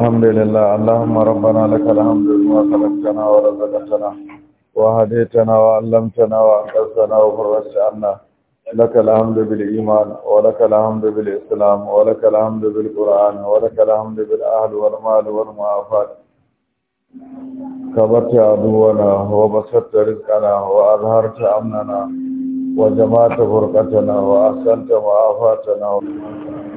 الحمد لله اللهم ربنا لك الحمد لما خلقتنا ورزقتنا وهديتنا وعلمتنا وأنقذتنا وفرجت عنا لك الحمد بالإيمان ولك الحمد بالإسلام ولك الحمد بالقرآن ولك الحمد بالأهل والمال والمعافات كبرت عدونا وبسطت رزقنا وأظهرت أمننا وجمعت فرقتنا وأحسنت معافاتنا وفرقتنا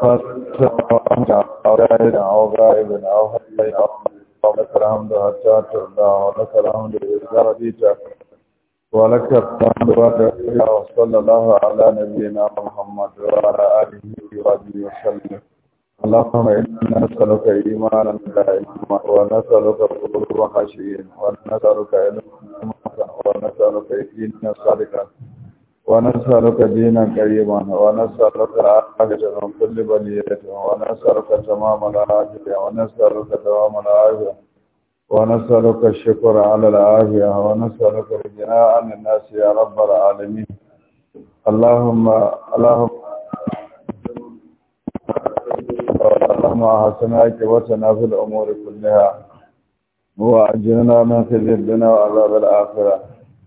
فاستغفرك أو غائب أو حي أو لك الحمد حتى ترضى ولك الحمد إذا رضيت ولك الحمد وصلى الله على نبينا محمد وعلى آله وصحبه وسلم اللهم إنا نسألك إيمانا دائما ونسألك قلوب خاشعين ونسألك علما ونسألك يقينا صادقا ونسألك دينا كريما ونسألك عاجلا من كل بلية ونسألك تمام العافية ونسألك دوام العافية ونسألك الشكر على العافية ونسألك الجناء عن الناس يا رب العالمين اللهم اللهم اللهم أحسن عاقبتنا في الأمور كلها وأجرنا من خزي الدنيا وعذاب الآخرة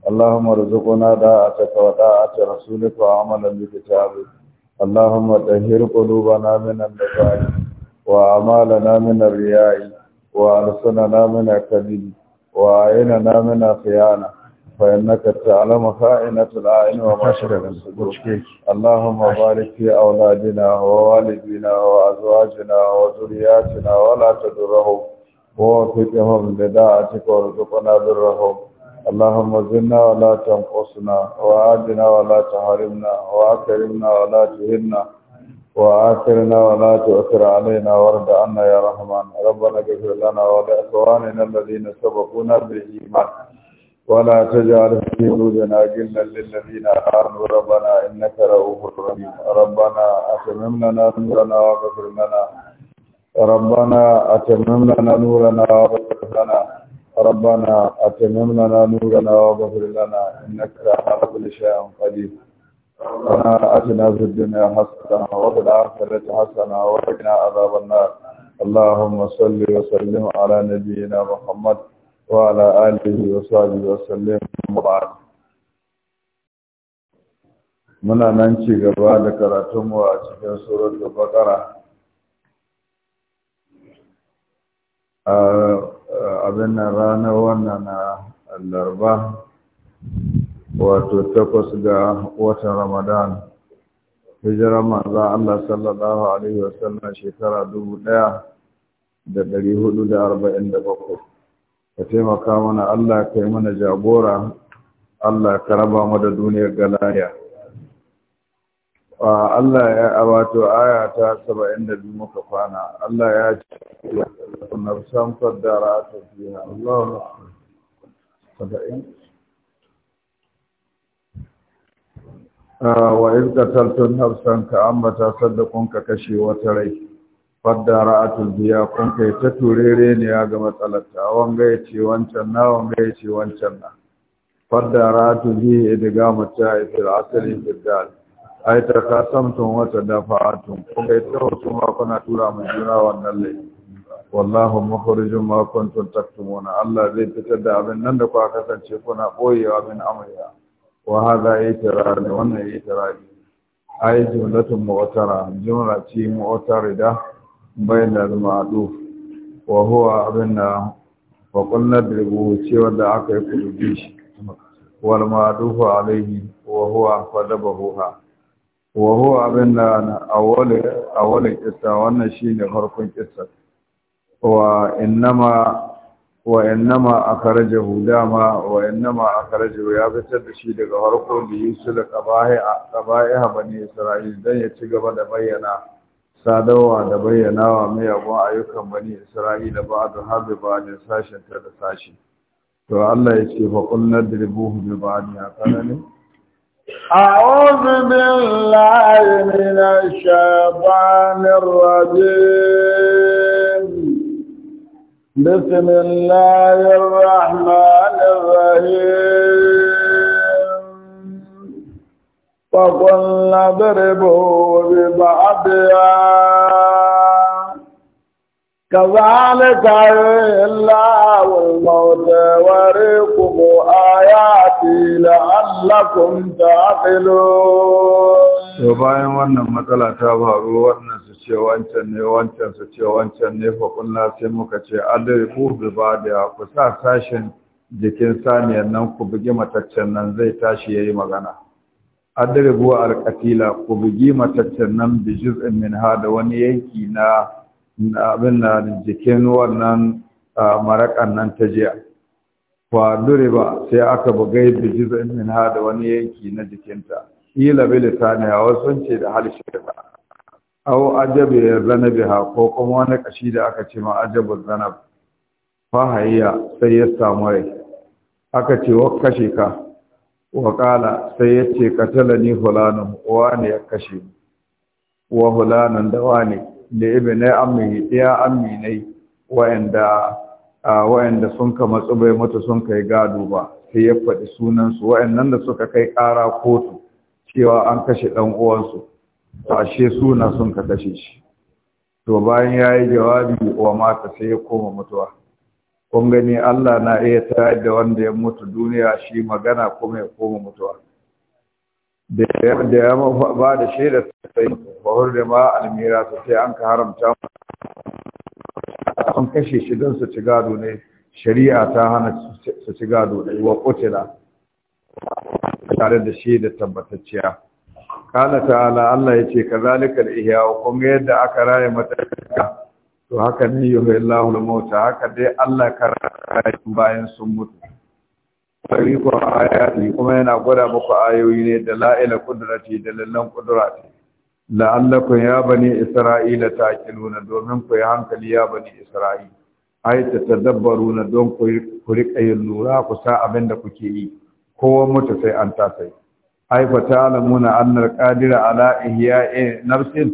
اللهم ارزقنا داعتك وداعة رسولك وعملا بكتابك اللهم تهير قلوبنا من النفاق وعمالنا من الرياء وألسننا من الكذب وعيننا من الخيانة فإنك تعلم خائنة العين وما شرب اللهم بارك في أولادنا ووالدينا وأزواجنا وذرياتنا ولا تدرهم ووفقهم لداعتك وارزقنا درهم اللهم زدنا ولا تنقصنا وعادنا ولا تحرمنا وأكرمنا ولا تهنا وعاكرنا ولا تؤثر علينا وارد عنا يا رحمن ربنا اغفر لنا ولإخواننا الذين سبقونا بالإيمان ولا تجعل في قلوبنا غلا للذين آمنوا ربنا إنك رؤوف رحيم ربنا أتمم لنا نورنا واغفر لنا ربنا أتمم لنا نورنا وغفر لنا ربنا اتمم لنا نورنا واغفر لنا انك على كل شيء قدير ربنا اتنا في الدنيا حسنه وفي الاخره حسنه وقنا عذاب النار اللهم صل وسلم على نبينا محمد وعلى اله وصحبه وسلم وبعد muna nan ci gaba da karatunmu a cikin suratul baqara abin nan ranar wannan na larba wato takwas ga watan ramadan hijira manzan Allah sallallahu Alaihi wasallam shekara dubu ɗaya da dari hudu da arba'in da bakwai ka taimaka mana Allah ka yi mana jagora Allah ka raba mu da duniyar galariya. Allah ya abato aya ta 72 muka kwana Allah ya ce san qaddara ta fiha Allahu wa iz qataltum nafsan ka ambata kun ka kashe wata rai faddara atul biya kun kai ta turere ne ya ga matsalarta wanga ya ce wancan na wanga ya ce wancan na faddara atul biya idiga mata ifil asali fiddal ai ta kasamtum wa tun. kai ita wasu makonan tura mai juna wannan laifi wallahu mukhrijum makon tun taktumuna Allah zai fitar da abin nan da kuka kasance kuna boyewa min amurya wa hadha itirar wannan itirar ai jumlatun mu'tara jumla ce da bainal ma'duf wa huwa abinna wa qulna dribu ce wanda aka yi kudu shi wal ma'dufu alaihi wa huwa huwa wa huwa abin da a wale kisa wannan shi ne harkun kissa wa innama wa innama akhrajahu dama wa innama akhrajahu ya fitar da shi daga farko da da qaba'iha qaba'iha bani isra'il don ya ci gaba da bayyana sadarwa da bayyanawa mai abuwa ayyukan bani isra'ila ba'd ba ne sashin ta da sashi to Allah ya ce fa qulna dribuhu bi ya ne أعوذ بالله من الشيطان الرجيم بسم الله الرحمن الرحيم فقل نضربه ببعضها كذلك الله الموت وريكم آياتي لعلكم تعقلون to bayan wannan matsala ta faru wannan su ce wancan ne wancan su ce wancan ne fa kunna sai muka ce adai ku bi ba da ku sa sashen jikin saniyan nan ku bugi mataccen nan zai tashi yayi magana adai ku alqatila ku bugi mataccen nan bi juz'in min hada wani yanki na abin na jikin wannan marakan nan ta jiya dure ba sai aka bugai biji zai min da wani yanki na jikinta ila bi lisani a wasu ce da harshe ba au ajabi zanabiha ko kuma wani kashi da aka ce ma ajabu zanab fa hayya sai ya samu rai aka ce wa kashe ka wa kala sai ya ce katalani hulanu wa ne ya kashe wa hulanan da wa ne da ibn ammi ya ammi ne wa'anda wa'anda sun ka matsu bai mutu sun kai gado ba sai ya faɗi sunansu. su da suka kai ƙara kotu cewa an kashe ɗan uwansu ashe suna sun ka kashe shi to bayan ya yi jawabi wa mata sai ya koma mutuwa kun gani Allah na iya tayar da wanda ya mutu duniya shi magana kuma ya koma mutuwa da ya ba da shaida sai ba hurri ma almira su sai an ka haramta an kashe shi don su ci gado ne shari'a ta hana su ci gado ne wa kutila tare da shaida tabbatacciya kana ta'ala Allah ya ce kazalika al-ihya kun ga yadda aka raye mataka to haka ne yuhillahu al-mauta haka dai Allah ka raye bayan sun mutu tariqun ayati kuma yana gwada muku ayoyi ne da la'ila qudrati da lallan qudrati la'allakum ya bani isra'ila nuna domin ku yi hankali ya bani isra'ila ai ta na don ku rika yin lura ku sa abin da kuke yi kowa mutu sai an sai, ai fa ta'lamuna anna al-qadira ala ihya'i nafsin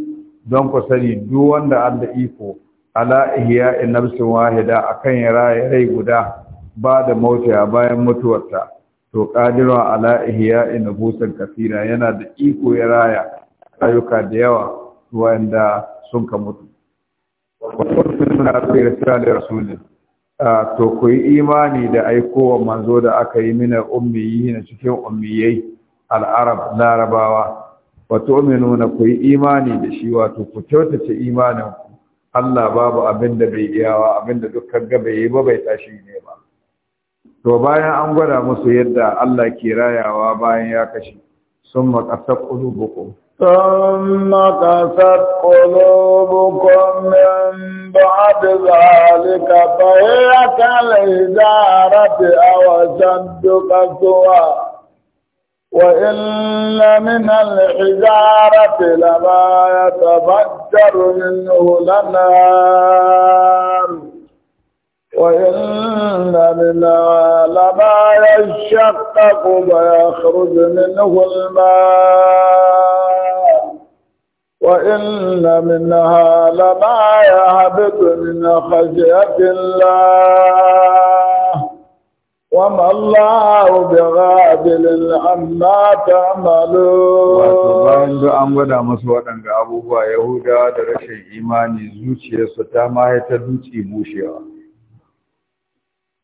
don ku sani duk wanda Allah iko ala ihya'i nafsin wahida akan ya rai guda ba da mautiya bayan mutuwarta to qadirun ala ina busan kasira yana da iko ya raya ayyuka da yawa wanda sun ka mutu to ku yi imani da aikowa manzo da aka yi mina ummiyi na cikin ummiyai al'arab larabawa wato na ku yi imani da shi wato ku kyautace imanin Allah babu abin da bai iyawa abin da dukkan gaba yi ba bai tashi ne ba to bayan an gwada musu yadda Allah ke rayawa bayan ya kashe sun makasar ƙulubukun sun makasar ƙulubukun min ba'ad zalika fahimta laida rafi a wajen duka zuwa وإن من الحجارة لما يتبجر منه لنار وإن العالم يشقق ويخرج منه الماء وإن منها لما يهبط من خشية الله وما الله بغافل عما تعملون bayan duk an gwada masu waɗanda abubuwa yahuda da rashin imani zuciyarsu ta ma ta dutse bushewa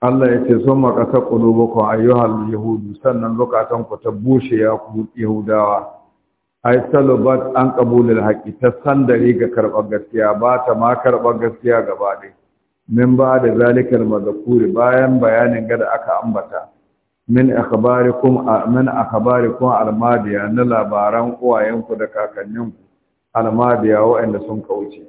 Allah ya ce sun makasa yi ayyuhal yahudu sannan zukatan ku ta bushe ya ku yahudawa ai salubat an ƙabulil haƙi ta sandari ga karɓar gaskiya ba ta ma karɓar gaskiya gaba ɗaya min ba da zalikar mazkuri bayan bayanin gada aka ambata min a min akhbarikum almadiya na labaran uwayenku da kakanninku almadiya waɗanda sun kauce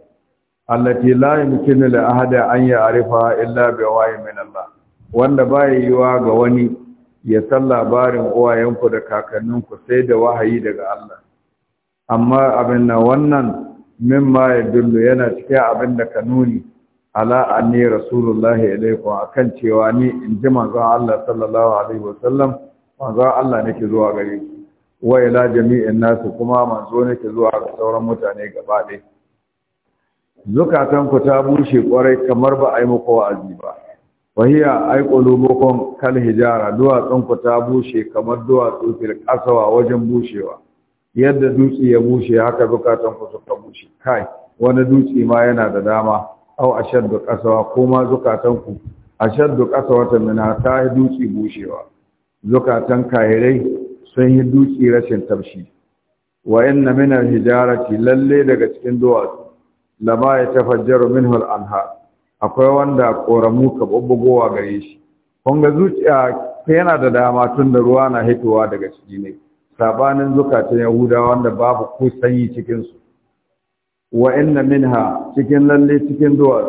allati la yumkinu li ahada an arifa illa bi wayi min Allah wanda ba ya yiwuwa ga wani ya san labarin uwayenku da kakanninku sai da wahayi daga Allah amma abin na wannan ma ya dullu yana cikin abin da ka nuni ala anni rasulullahi A kan cewa ni in ji manzon Allah sallallahu alaihi wasallam manzon Allah nake zuwa gare ku wa ila jami'in nasu kuma manzo nake zuwa ga sauran mutane gaba ɗaya zukatan ku ta bushe kwarai kamar ba a yi muku wa'azi ba wahiya ai qulubukum kal hijara duwatsun ku ta bushe kamar duwatsu fil qasawa wajen bushewa yadda dutse ya bushe haka zukatan ku suka bushe kai wani dutse ma yana da dama au ashaddu qasawa ko ma zukatan ku ashaddu qasawatan min ta dutse bushewa zukatan kairai sun yi dutse rashin tabshi wa inna min al hijarati lalle daga cikin duwatsu lama ya tafajjaru minhu al anhar akwai wanda ƙoramu ka babbagowa gare shi kunga zuciya yana da dama tun da ruwa na hitowa daga ciki ne sabanin zukatan yahuda wanda babu ko sanyi cikin su wa inna minha cikin lalle cikin duwa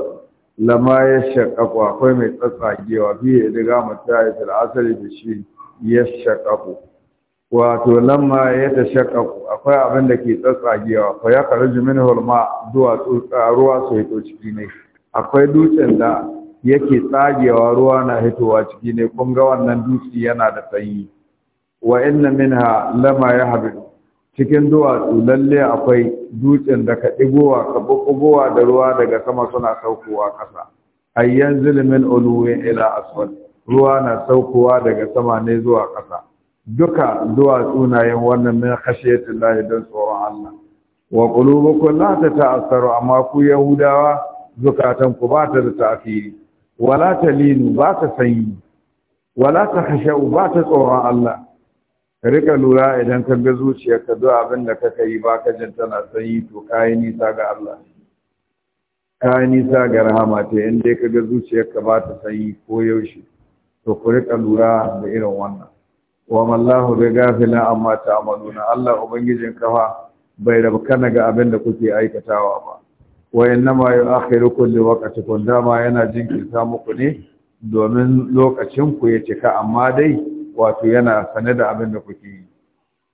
lama ya shaƙaƙo akwai mai tsatsagewa diga da gama tayi asali da shi ya shaƙaƙo wato lamma ya ta shaƙaƙo akwai abin da ke tsatsagewa fa ya karu jimin hulma tsotsa ruwa su hito ciki ne akwai dutsen da yake tsagewa ruwa na hitowa ciki ne kun ga wannan dutse yana da sanyi wa inna minha lama yahbidu cikin duwatsu lalle akwai dutsen da ka ɗigowa ka da ruwa daga sama suna saukowa ƙasa ayyan zilimin uluwe ila aswad ruwa na saukowa daga sama ne zuwa ƙasa duka duwatsu na yin wannan min khashiyatin don tsoron Allah wa qulubukum la tata'assaru amma ku yahudawa zukatan ku ba ta da ta'firi wala ta linu ba ta sanyi wala ta hasha'u ba ta tsoron Allah rika lura idan ka ga zuciyar ka zo abin da kaka yi ba ka jin tana sanyi to kayi nisa ga Allah kayi nisa ga rahama ta yin dai ka ga zuciyarka ba ta sanyi ko yaushe to ku rika lura da irin wannan wa mallahu bi na amma ta'maluna Allah ubangijin kafa bai rabkana ga abin da kuke aikatawa ba wa innama yu'akhirukum wakati, kun dama yana jinkirta muku ne domin lokacin ku ya cika amma dai wato yana sane da abin da kuke yi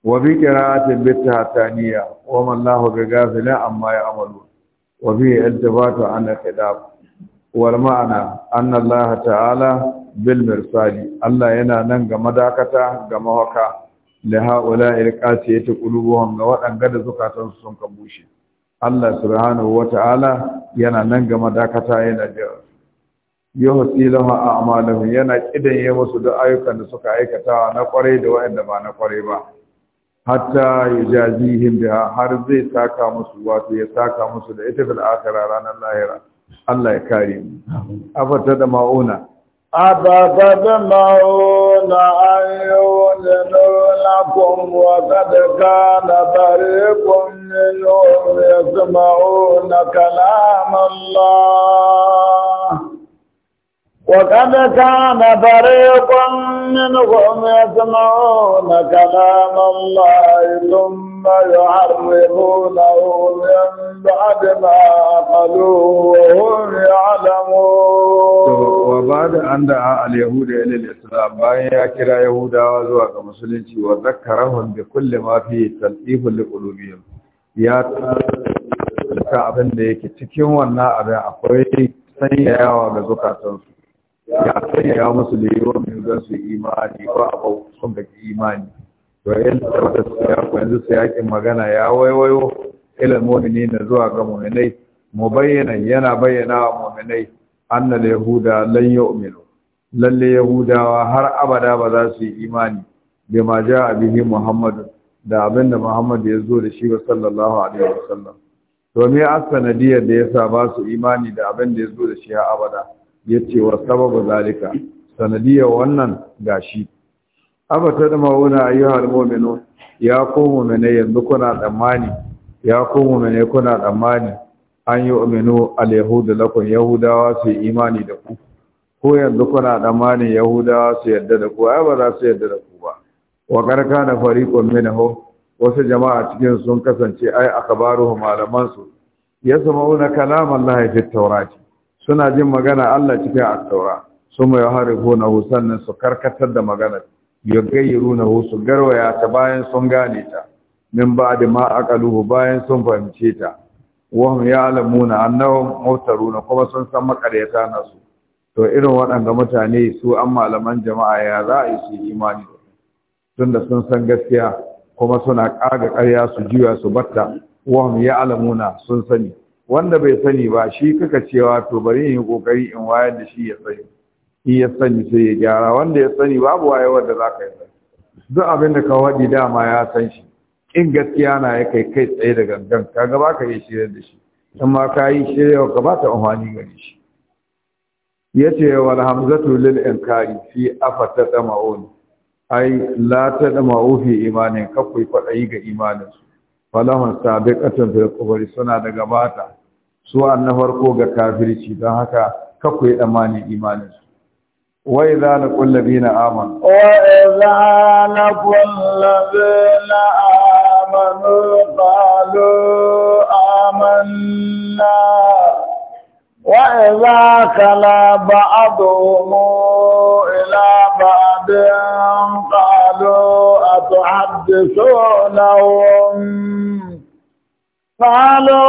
wa bi qira'atin bi tahtaniya wa man lahu bi ghafilin amma ya amalu wa bi iltifatu an khidab wal ma'ana anna Allah ta'ala bil mirsali Allah yana nan ga madakata ga mawaka la haula ilqati ta qulubuhum ga wadanga da zukatansu sun kabushe Allah subhanahu ta'ala yana nan gama dakata yana jira tilaha a'maluhu yana kidan ya musu da ayyukan da suka aikata na kwarai da wa'anda ba na kwarai ba hatta yujazihim biha har zai saka musu wato ya saka musu da ita fil akhirah ranar lahira Allah ya kare mu afata da mauna أفتطمعون أن يؤذنوا لكم وقد كان فريق منهم يسمعون كلام الله وقد كان فريق منهم يسمعون كلام الله ثم ثم يعرضونه من بعد ما قالوه وهم يعلمون وبعد أن دعا اليهود إلى الإسلام باين يأكرا يهودا وزوك مسلمتي وذكرهم بكل ما فيه تلقيب لقلوبهم يا ta abin da yake cikin wannan abin akwai sanyayawa ga zukatansu ya sanya musu da yiwuwa mai zan su imani ko a sun da imani to ta tabbata siyaku yanzu yakin magana ya waiwayo ilal na zuwa ga mu'minai bayyana yana bayyana wa mu'minai annal yahuda lan yu'minu lalle yahudawa har abada ba za su yi imani ma ja bihi muhammad da abinda muhammad ya zo da shi wa sallallahu alaihi wasallam to me asanadiyar da yasa ba su imani da abinda ya zo da shi har abada yace wa sababu zalika sanadiyar wannan gashi abata da mauna ayyuhal mu'minu ya ku mu'mine yanzu kuna tsammani ya ku mu'mine kuna tsammani an yi uminu al yahud lakum yahudawa su imani da ku ko yanzu kuna tsammanin yahudawa su yadda da ku ai ba za su yadda da ku ba wa karka na fariqun minhum wasu jama'a cikin sun kasance ai akabaruhum malaman su yasma'una kalaman Allah fi tawrati suna jin magana Allah cikin at-taura suma yuharifuna sannan su karkatar da maganar yagayyaru na wasu garwaya ta bayan sun gane ta min ba da ma aqaluhu bayan sun fahimce ta wahum ya'lamuna annahum muftaruna kuma sun san makaryata nasu to irin waɗanda mutane su an malaman jama'a ya za a yi su imani tunda sun san gaskiya kuma suna ƙaga ƙarya su juya su batta wahum ya'lamuna sun sani wanda bai sani ba shi kaka cewa to bari in yi kokari in wayar da shi ya sani Iya sani sai ya gyara wanda ya sani babu wayewar da za ka yi duk abin da ka waɗi dama ya san shi in gaskiya na ya kai kai tsaye da gangan ka ba ka yi shirya da shi amma ka yi shirya ka ba ta amfani gare shi ya ce wal hamzatu lil inkari fi dama oni" ai la ta dama imanin ka kuyi ga imanin su falahun sabiqatun fil kubri suna da gabata su an na farko ga kafirci don haka ka kuyi imaninsu. imanin su وإذا لقوا الذين آمنوا وإذا لقوا الذين آمنوا قالوا آمنا وإذا خلا بعضهم إلى بعض قالوا أتحدثونهم Fálo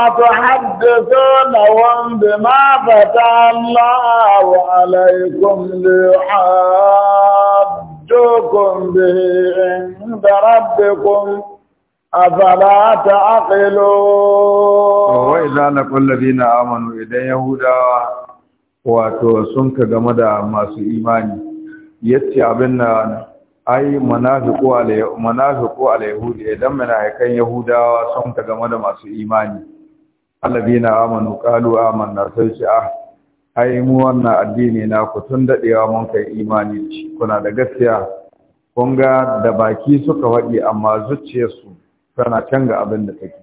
a tó hajjú tó na wọn bí má bàtà láà wà aláìkùn lè hajjú kùn bí ẹni dára a bàbá ta ákìlò. Ọwọ́ ìlànà kọlọ̀bí na Amadu idan Yahuda wàtò game da masu imani, yẹ ti abin na ai munafiqu alay munafiqu yahudi idan munafikan yahudawa sun ta game da masu imani alladina amanu qalu amanna sai ce ah ai mu wannan addini na ku tun dadewa mun kai imani ci kuna da gaskiya kun ga da baki suka faɗi amma zuciyarsu tana can ga abin da take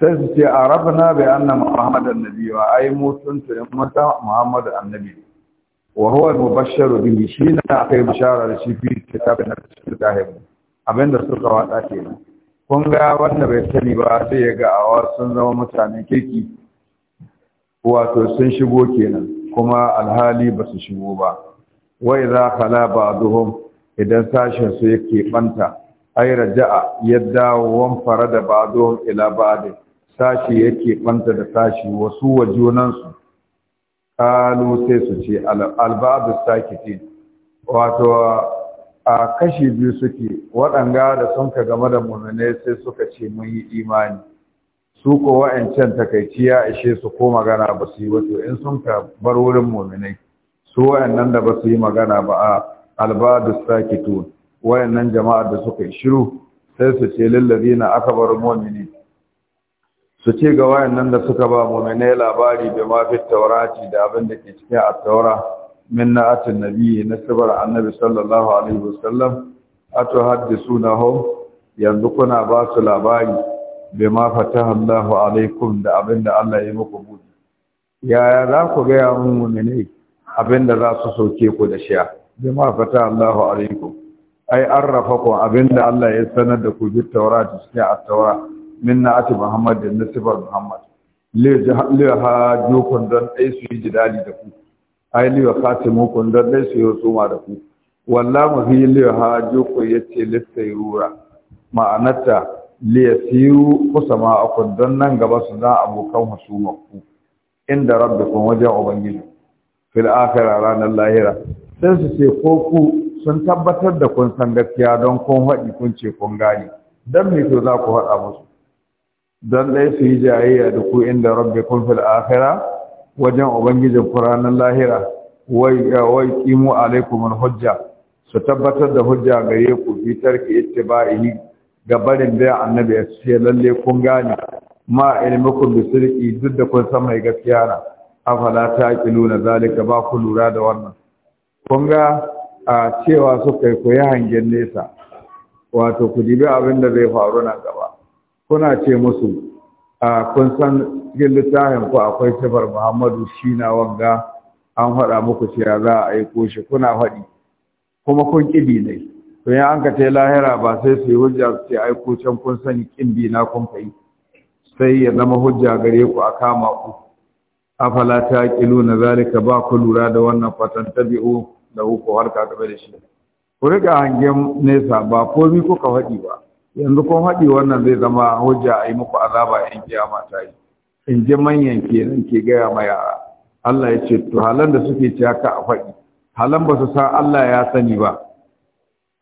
sai su ce arabna bi anna muhammadan nabiyyu ai mu tun tun muhammadu annabi wa huwa al-mubashsharu bihi shi ne aka yi bishara da shi fi kitabin da cikin zahibu abinda suka wada kenan kun ga wanda bai sani ba sai ya ga awa sun zama mutanen kirki wato sun shigo kenan kuma alhali ba su shigo ba wa idza khala ba'dhum idan sashin su yake banta ay raja'a yadda wan farada ba'dhum ila ba'd sashi yake banta da sashi wasu wa junansu kalu sai su ce albadu sakiti wato a kashi biyu suke waɗanga da sun ka game da mummune sai suka ce mun yi imani su ko wa'ancan takaici ya ishe su ko magana ba su yi wato in sun ka bar wurin mummune su wa'annan da ba su yi magana ba a albadu sakitun wa'annan jama'ar da suka yi shiru sai su ce aka bar mummune su ce ga wayannan da suka ba mu'minai labari da ma fi taurati da abin da ke cikin at-taura min na'atin nabiyyi na sabar annabi sallallahu alaihi wasallam Hau, yanzu kuna ba su labari bi ma fataha Allahu alaikum da abin da Allah ya muku buɗe yaya za ku gaya ya mu'minai abin da za su sauke ku da shi bi ma fataha Allahu alaikum ai arrafakum abin da Allah ya sanar da ku bi taurati cikin at-taura min ati Muhammad da nasibar Muhammad le ha jokon don ɗai su yi jidali da ku ai le ha fatimokon don ɗai su yi rusuma da ku walla mu fi le ha jokon ya ce yi rura ma'anarta le ya yi kusa a kundan nan gaba su za abokan hasumar ku inda Rabbi kun wajen ubangiji fil ranar lahira sai su ce ko ku sun tabbatar da kun san gaskiya don kun haɗi kun ce kun gane don me to za ku haɗa musu don dai su yi jayayya da ku inda rabbi kun fil akhira wajen ubangijin ranar lahira wai wai kimu alaikum hujja su tabbatar da hujja gare ku bi tarki ittiba'i ga barin da annabi ya ce lalle kun gane ma ilmukum bi sirri duk da kun san mai gaskiya na afala taqiluna zalika ba ku lura da wannan kun ga a cewa suka yi hangen nesa wato ku dibi abin da zai faru nan gaba kuna ce musu a kun san cikin littafin ku akwai sifar muhammadu shi na wanga an faɗa muku cewa za a aiko shi kuna faɗi kuma kun ƙibi ne to ya an ka ta lahira ba sai su yi hujja su ce aiko can kun san ƙimbi na kun fa'i sai ya zama hujja gare ku a kama ku afala ta ƙilu na zalika ba ku lura da wannan fatan biyu da har harka game da shi ku riƙa hangen nesa ba komi kuka faɗi ba yanzu kun haɗi wannan zai zama hujja a yi muku azaba in kiyama ta yi in ji manyan kenan ke gaya ma yara Allah ya ce to halan da suke ci haka a faɗi halan ba su san Allah ya sani ba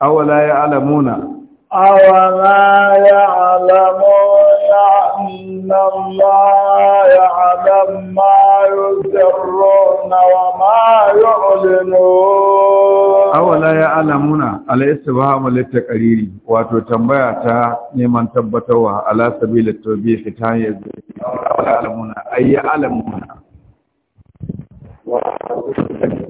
awala ya alamuna awala ya alamuna Tannan baya zan bayo zafron ma yanzu. Awala Wato tambaya ta neman tabbatarwa, alasana biyan littafi ya fita hanyar jirgin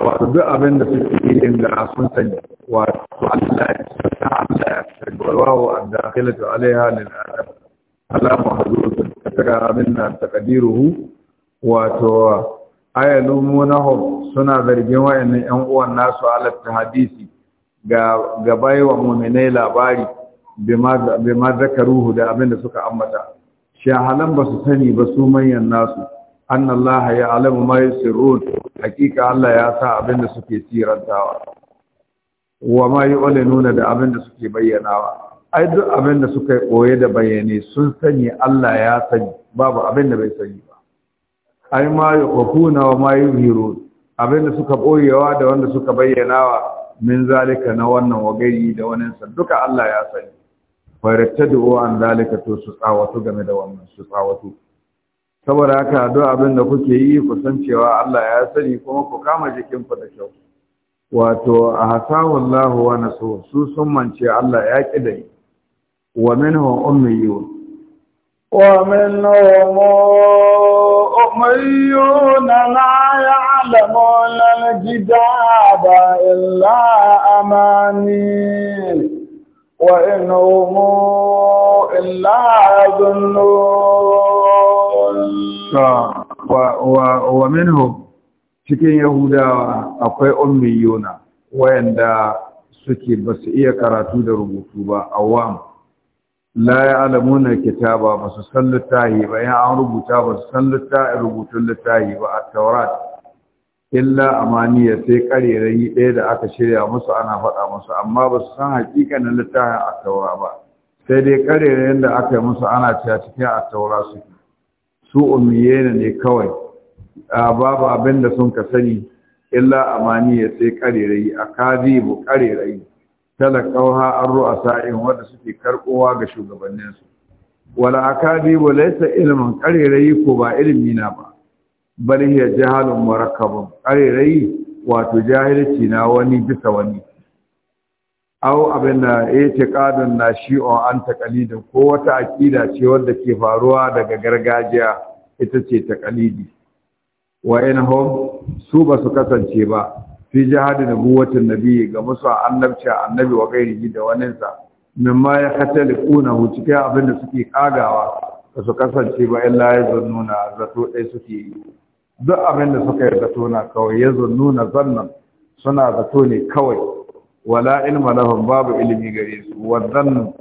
wato duk abin da suke yin da sun sani wato Allah ya tsaka Allah ya tsaka wa da khilatu alaiha lil adam Allah mahzurun daga abin nan takdiruhu wato na ayalumunahum suna zargin wayannan ƴan uwan nasu alat hadisi ga ga baiwa mu'minai labari bima bima zakaruhu da abin da suka ambata shahalan ba su sani ba su manyan nasu ya alamu ma yusirrun hakika Allah ya sa abin da suke tirantawa wa ma nuna da abin da suke bayyanawa ai duk abin da suka koye da bayyane sun sani Allah ya sani babu abin da bai sani ba ai ma yukhuna wa ma yuhirun abin da suka boyewa da wanda suka bayyanawa min zalika na wannan wagari da wani sa duka Allah ya sani fa rattadu an zalika to su tsawatu game da wannan su tsawatu saboda haka duk abin da kuke yi ku san cewa Allah ya sani kuma ku kama jikinku da kyau wato a hasawallahu wa nasu su sun mance Allah ya ki da ni wa ummi yu wa yu na la ya'lamun lan kitaba illa amani wa innahum illa yadhunnun wa minhu cikin yahudawa akwai ummiyona wayanda suke ba su iya karatu da rubutu ba awam la ya'lamuna kitaba ba su san littahi ba ya an rubuta ba su san littahi rubutun littahi ba a taurat illa amaniya sai karerayi ɗaya da aka shirya musu ana faɗa musu amma ba su san hakikanin littafin a taura ba sai dai karerayen da aka yi musu ana cewa cikin at-taura suke su ummiyena ne kawai babu abin da sun ka sani illa amaniya sai karerai akazibu karerai talaqawha ar in wanda suke karkowa ga shugabanninsu wala akazibu laysa ilmin karerai ko ba ilimi na ba bal hiya jahalun murakkabun karerai wato jahilci na wani bisa wani au abin da ya ce ƙadun na shi nashi'un an taqalidin ko wata aƙida ce wanda ke faruwa daga gargajiya ita ce taƙalidi wa inhum su ba su kasance ba fi jihadin nubuwatin nabi ga musu annabci annabi wa gairihi da waninsa mimma ya khataliquna cikin abin da suke kagawa ba su kasance ba illa yazunnuna zato dai suke yi duk abin da suka yi zato na kawai yazunnuna zannan suna zato ne kawai wala ilma lahum babu ilimi gare su wadannu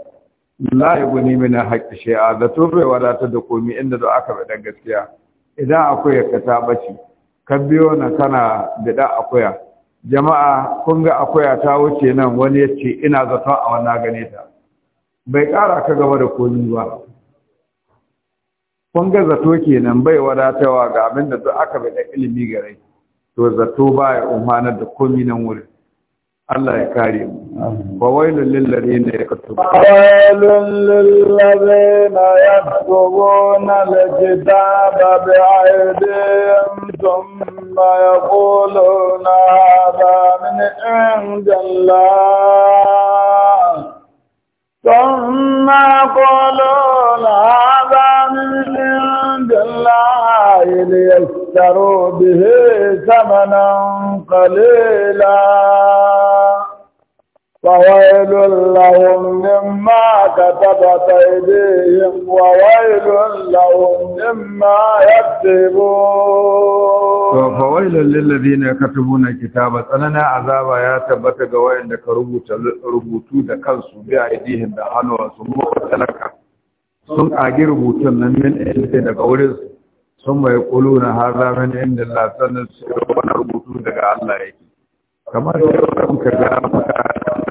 la yuguni min haqqi shay'a da tobe wala ta da komi inda da aka bada gaskiya idan akwai ka ta bace ka biyo na kana bida akoya jama'a kun ga akoya ta wuce nan wani ya ce ina zaton a wannan gane ta bai kara ka gaba da komi ba kun ga zato kenan bai wadatawa ga abin da duk aka bada ilimi gare to zato baya umarnar da komi nan wurin الله يكاري وويل للذين يكتبون للذين يكتبون الكتاب بعيدهم ثم يقولون هذا من عند الله ثم يقولون هذا من عند الله ليشتروا به ثمنا قليلا فويل لهم مما كتبت أيديهم وويل لهم مما يكتبون فويل للذين كتبون الكتاب أننا عذاب يا تبت قوائن لك ربوتو دكالسو بأيديهم دعانوا سموك لك sun ƙage rubutun nan min ɗaya daga wurin sun mai ƙulu na haza min inda lasanin su wani rubutu daga Allah yake kamar da yau da muka ga maka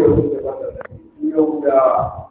yahuda ba ta yau da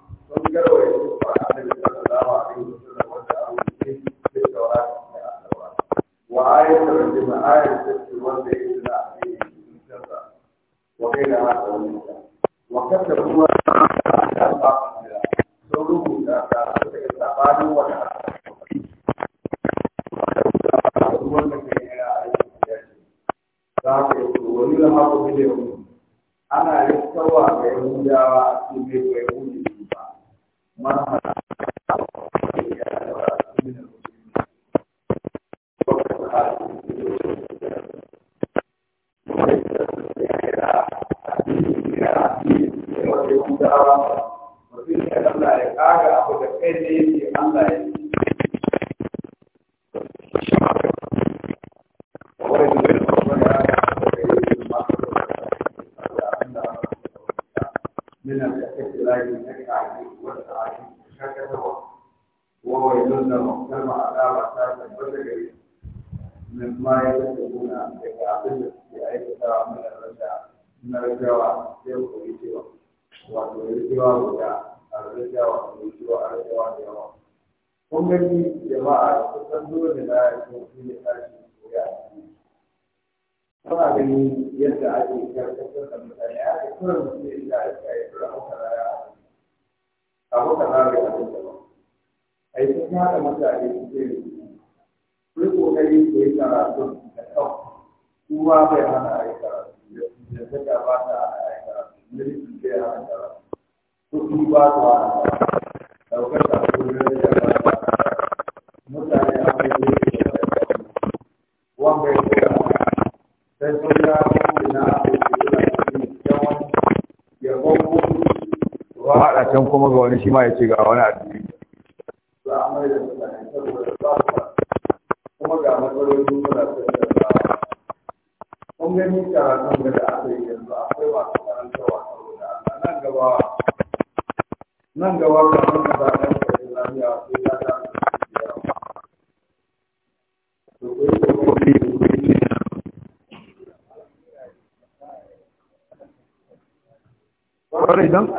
wa haɗa can kuma ga wani shi ma ya ce ga wani addini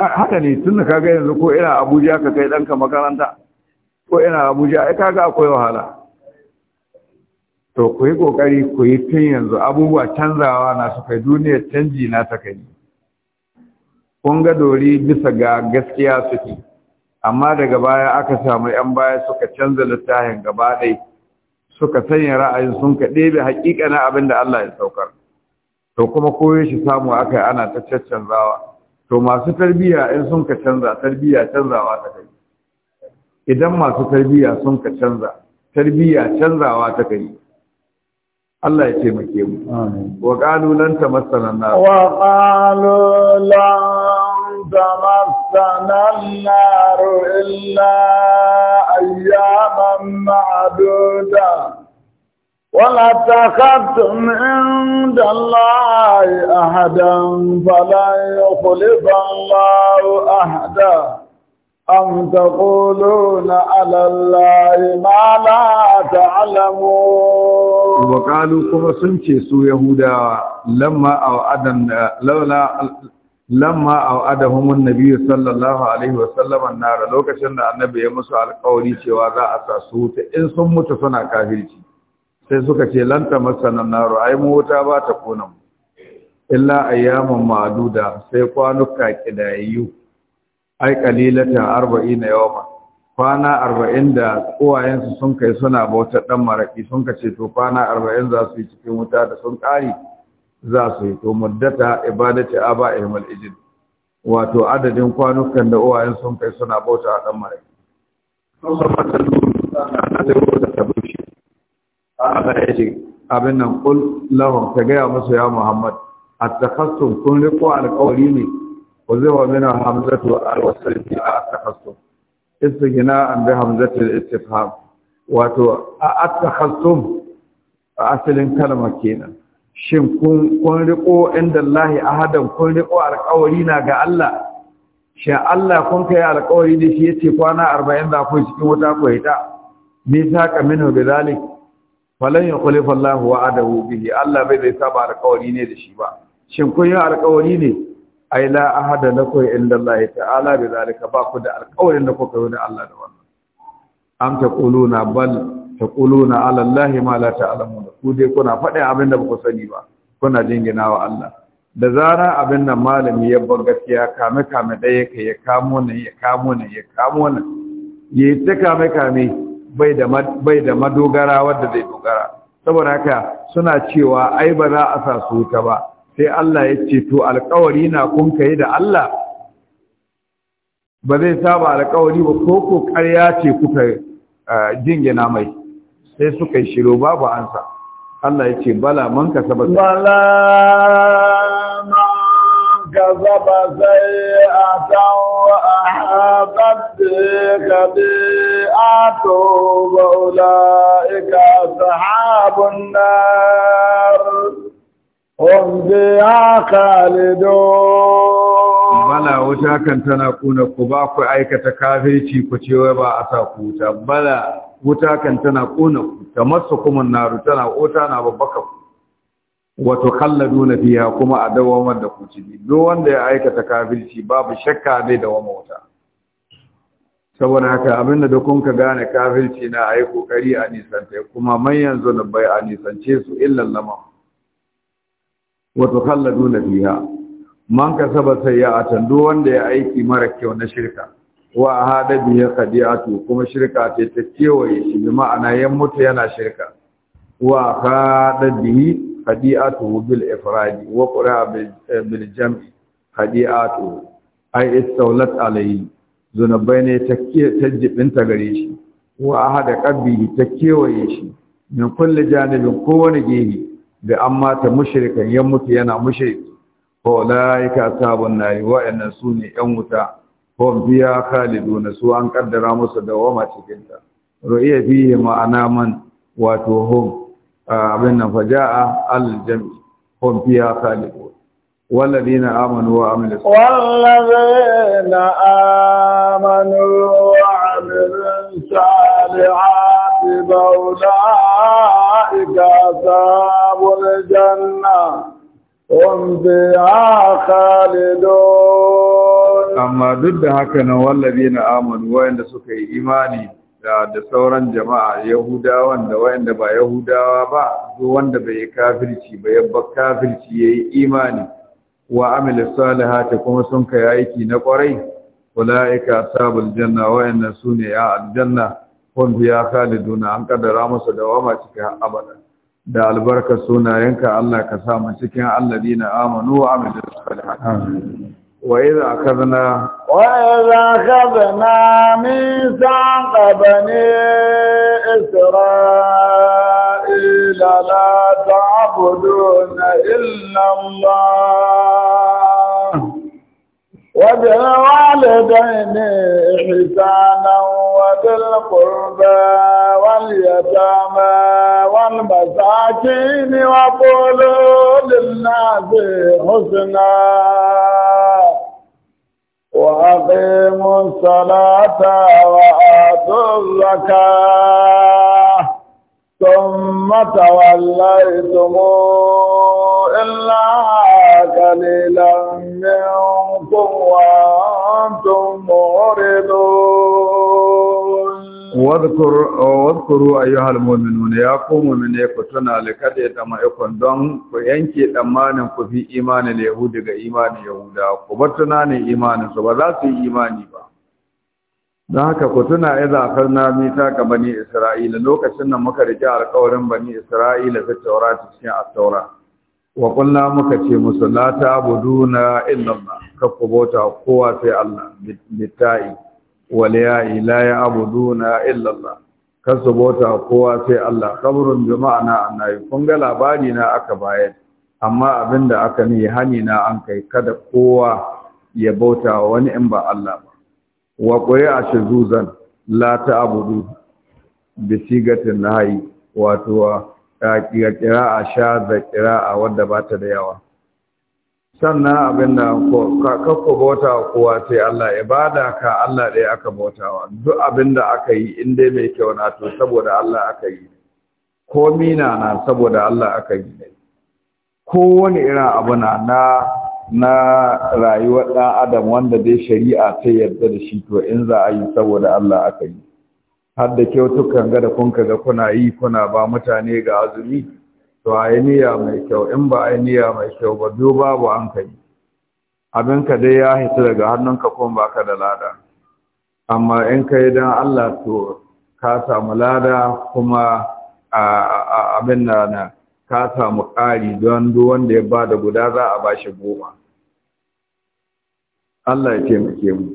haka ne tun da kaga yanzu ko ina abuja ka kai ɗanka makaranta ko ina abuja ai kaga akwai wahala to ku yi ƙoƙari ku yi tun yanzu abubuwa canzawa na su kai duniyar canji na ta kai kun ga dori bisa ga gaskiya suke amma daga baya aka samu 'yan baya suka canza littafin gaba ɗai suka sanya ra'ayin sun ka ɗebe hakika na abin da Allah ya saukar to kuma koyo shi samu aka ana ta caccanzawa to masu tarbiyya in sun ka canza tarbiyya canzawa ta kai idan masu tarbiyya sun ka canza tarbiyya canzawa ta kai Allah ya muke mu wa qalu lan tamassana nar wa qalu lan tamassana nar illa ayyaman ma'duda ولاتخذتم عند الله أحدا فلن يخلف الله أحدا أم تقولون على الله ما لا تعلمون وقالوا كما سنتي سو يهودا لما أوعدن لولا لما أوعدهم النبي صلى الله عليه وسلم النار لوكشن النبي يمسو على قولي cewa za a sasu ta in sun mutu suna kafirci sai suka ce lanta masanan naro ai mu wuta ba ta kona mu illa ayyaman ma'duda sai kwanuka kidayu ai qalilatan 40 yawma kwana 40 da uwayensu sun kai suna bautar dan maraki sun kace to kwana 40 za su yi cikin wuta da sun kari za su yi to muddata ibadati aba al-ijid wato adadin kwanukan da uwayen sun kai suna bauta a dan maraki sun sabata da ta abin nan kul lahum ka gaya musu ya Muhammad A attakhastum kun riqo alqawli ne wa zawa min a alwasl fi gina an bi hamzati al-istifham wato a a asalin kalmar kenan shin kun kun riqo inda Allah ahadan kun riqo alqawli na ga Allah shi Allah kun kai alqawli da shi ya ce kwana arba'in za ku cikin wuta ku hita ni saka minhu da zalika falan ya kulifa Allah wa adahu bihi Allah bai zai saba alƙawari ne da shi ba shin kun yi alƙawari ne ai la ahada lakum illa Allah ta'ala bi zalika ba ku da alƙawarin da kuka yi da Allah da wannan am quluna bal quluna ala Allah ma la ta'lamun ku dai kuna faɗi abin da ba ku sani ba kuna jingina wa Allah da zara abin nan malami ya bar gaskiya kame kame ɗaya yake ya kamo nan ya kamo nan ya kamo nan ya ta kame kame bai da madogara wadda zai dogara saboda haka suna cewa ai ba za a sa su ta ba sai Allah ya ce to alƙawari na kun kai da Allah ba zai saba alkawari ba ko ko ƙarya ce kuka jingina mai sai suka yi shiro babu ansa Allah ya ce bala man kasaba bala كسب سيئة وأحاطت به خطيئته فأولئك أصحاب النار هم فيها خالدون bala wuta kan tana kuna ku ba ku aikata kafirci ku ce wai ba a sa ku wuta bala wuta kan tana kuna ku ta masu kuma naru tana wuta na babbaka ku wato kalladuna fiha kuma a dawamar da ku ciki duk wanda ya aikata kafirci babu shakka da wama wuta saboda haka abin da kun ka gane kafirci na ayi kokari a nisan ta kuma man yanzu na bai a nisance su illan lama wato kalladuna fiha man ya sayyatan duk wanda ya aiki mara kyau na shirka wa hada ya qadiatu kuma shirka ce ta kewaye shi ma'ana yan mutu yana shirka wa hada bi hadi'atuhu bil ifradi wa qura bil jam'i hadi'atuhu ai istawlat alayhi zunubai ne ta jibinta gare shi wa ahada qabbihi ta kewaye shi min kulle janibin kowane gehe da amma ta mushrikan ya mutu yana mushriki ko laika asabun nari wa'annan su ne yan wuta hom biya na su an kaddara musu dawama cikin ta ru'iya fihi ma'ana man wato hom abin nan faja a aljami kwanfiya kalibu wallabi na amonu wa amilis wallabi na amonu wa amilis sa'adi bauda ikasa buljanna kwanfiya kalibu amma duk da haka nan wallabi na amonu wa suka yi imani da da sauran jama'a yahudawan da wayanda ba yahudawa ba zo wanda bai kafirci ba yabba kafirci yayi imani wa amila salihati kuma sun kai aiki na kwarai ulaika ashabul janna wayanna sune ya aljanna hum biya khaliduna an kaddara musu dawama cikin abada da albarka sunayenka Allah ka sa mu cikin alladina amanu wa amila salihati wa idza akhadna wa idza akhadna min يا بني إسرائيل لا تعبدون إلا الله وبالوالدين إحسانا وبالقربى واليتامى والمساكين وقولوا للناس حسنا وأقيموا الصلاة وآتوا الزكاة ثم توليتم إلا قليلا منكم وأنتم معرضون wadkuru ayyuhal mu'minun ya ku mu'mine ku tuna likada ya dama don ku yanke tsammanin ku fi imanin yahudi ga imanin yahuda ku bar tunanin imanin su ba za su yi imani ba don haka ku tuna idza mita ga bani isra'ila lokacin da muka rike alkawarin bani isra'ila ta taura cikin attaura. wa muka ce musu la ta'buduna illa allah ka ku bauta kowa sai allah bitai waliya la ya na illallah kasu bauta kowa sai Allah kaburin jama'a na annabi kun ga labari na aka bayar amma abinda aka ne hani na an kai kada kowa ya bauta wani in ba Allah ba wa qur'a shuzuzan la ta'budu bi sigatin nahi wato a kira a sha da a wadda ba ta da yawa sannan abinda kakko bauta kowa sai Allah ibada ka Allah ɗaya aka bautawa duk abinda aka yi in dai mai kyau na to saboda Allah aka yi ko mina na saboda Allah aka yi ne wani irin abu na na na rayuwar ɗan adam wanda dai shari'a ta yarda da shi to in za a yi saboda Allah aka yi har da kyautukan ga da kun kaga kuna yi kuna ba mutane ga azumi to a yi niyya mai kyau in ba a yi niyya mai kyau ba biyu babu an kai ka dai ya hita daga hannunka kuma ka da lada amma in ka yi don Allah to ka samu lada kuma abin na na ka samu ƙari don duk wanda ya ba da guda za a ba shi goma Allah ya taimake mu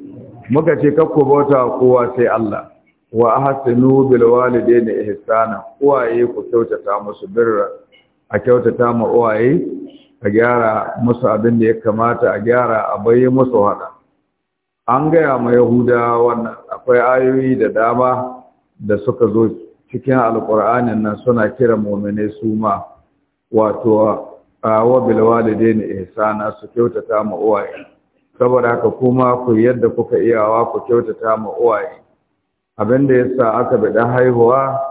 muka ce kakko bauta kowa sai Allah wa ahasinu bil walidaini ihsana uwaye ku kyautata musu birra a kyautata ma uwaye a gyara musu abin da ya kamata a gyara a bayi musu hada an gaya ma yahuda wannan akwai ayoyi da dama da suka zo cikin alkur'anin nan suna kira muminai su ma wato wa bilwalidaini ihsana su kyautata ma uwaye saboda haka kuma ku yadda kuka iyawa ku kyautata ma uwaye abin da yasa aka bada haihuwa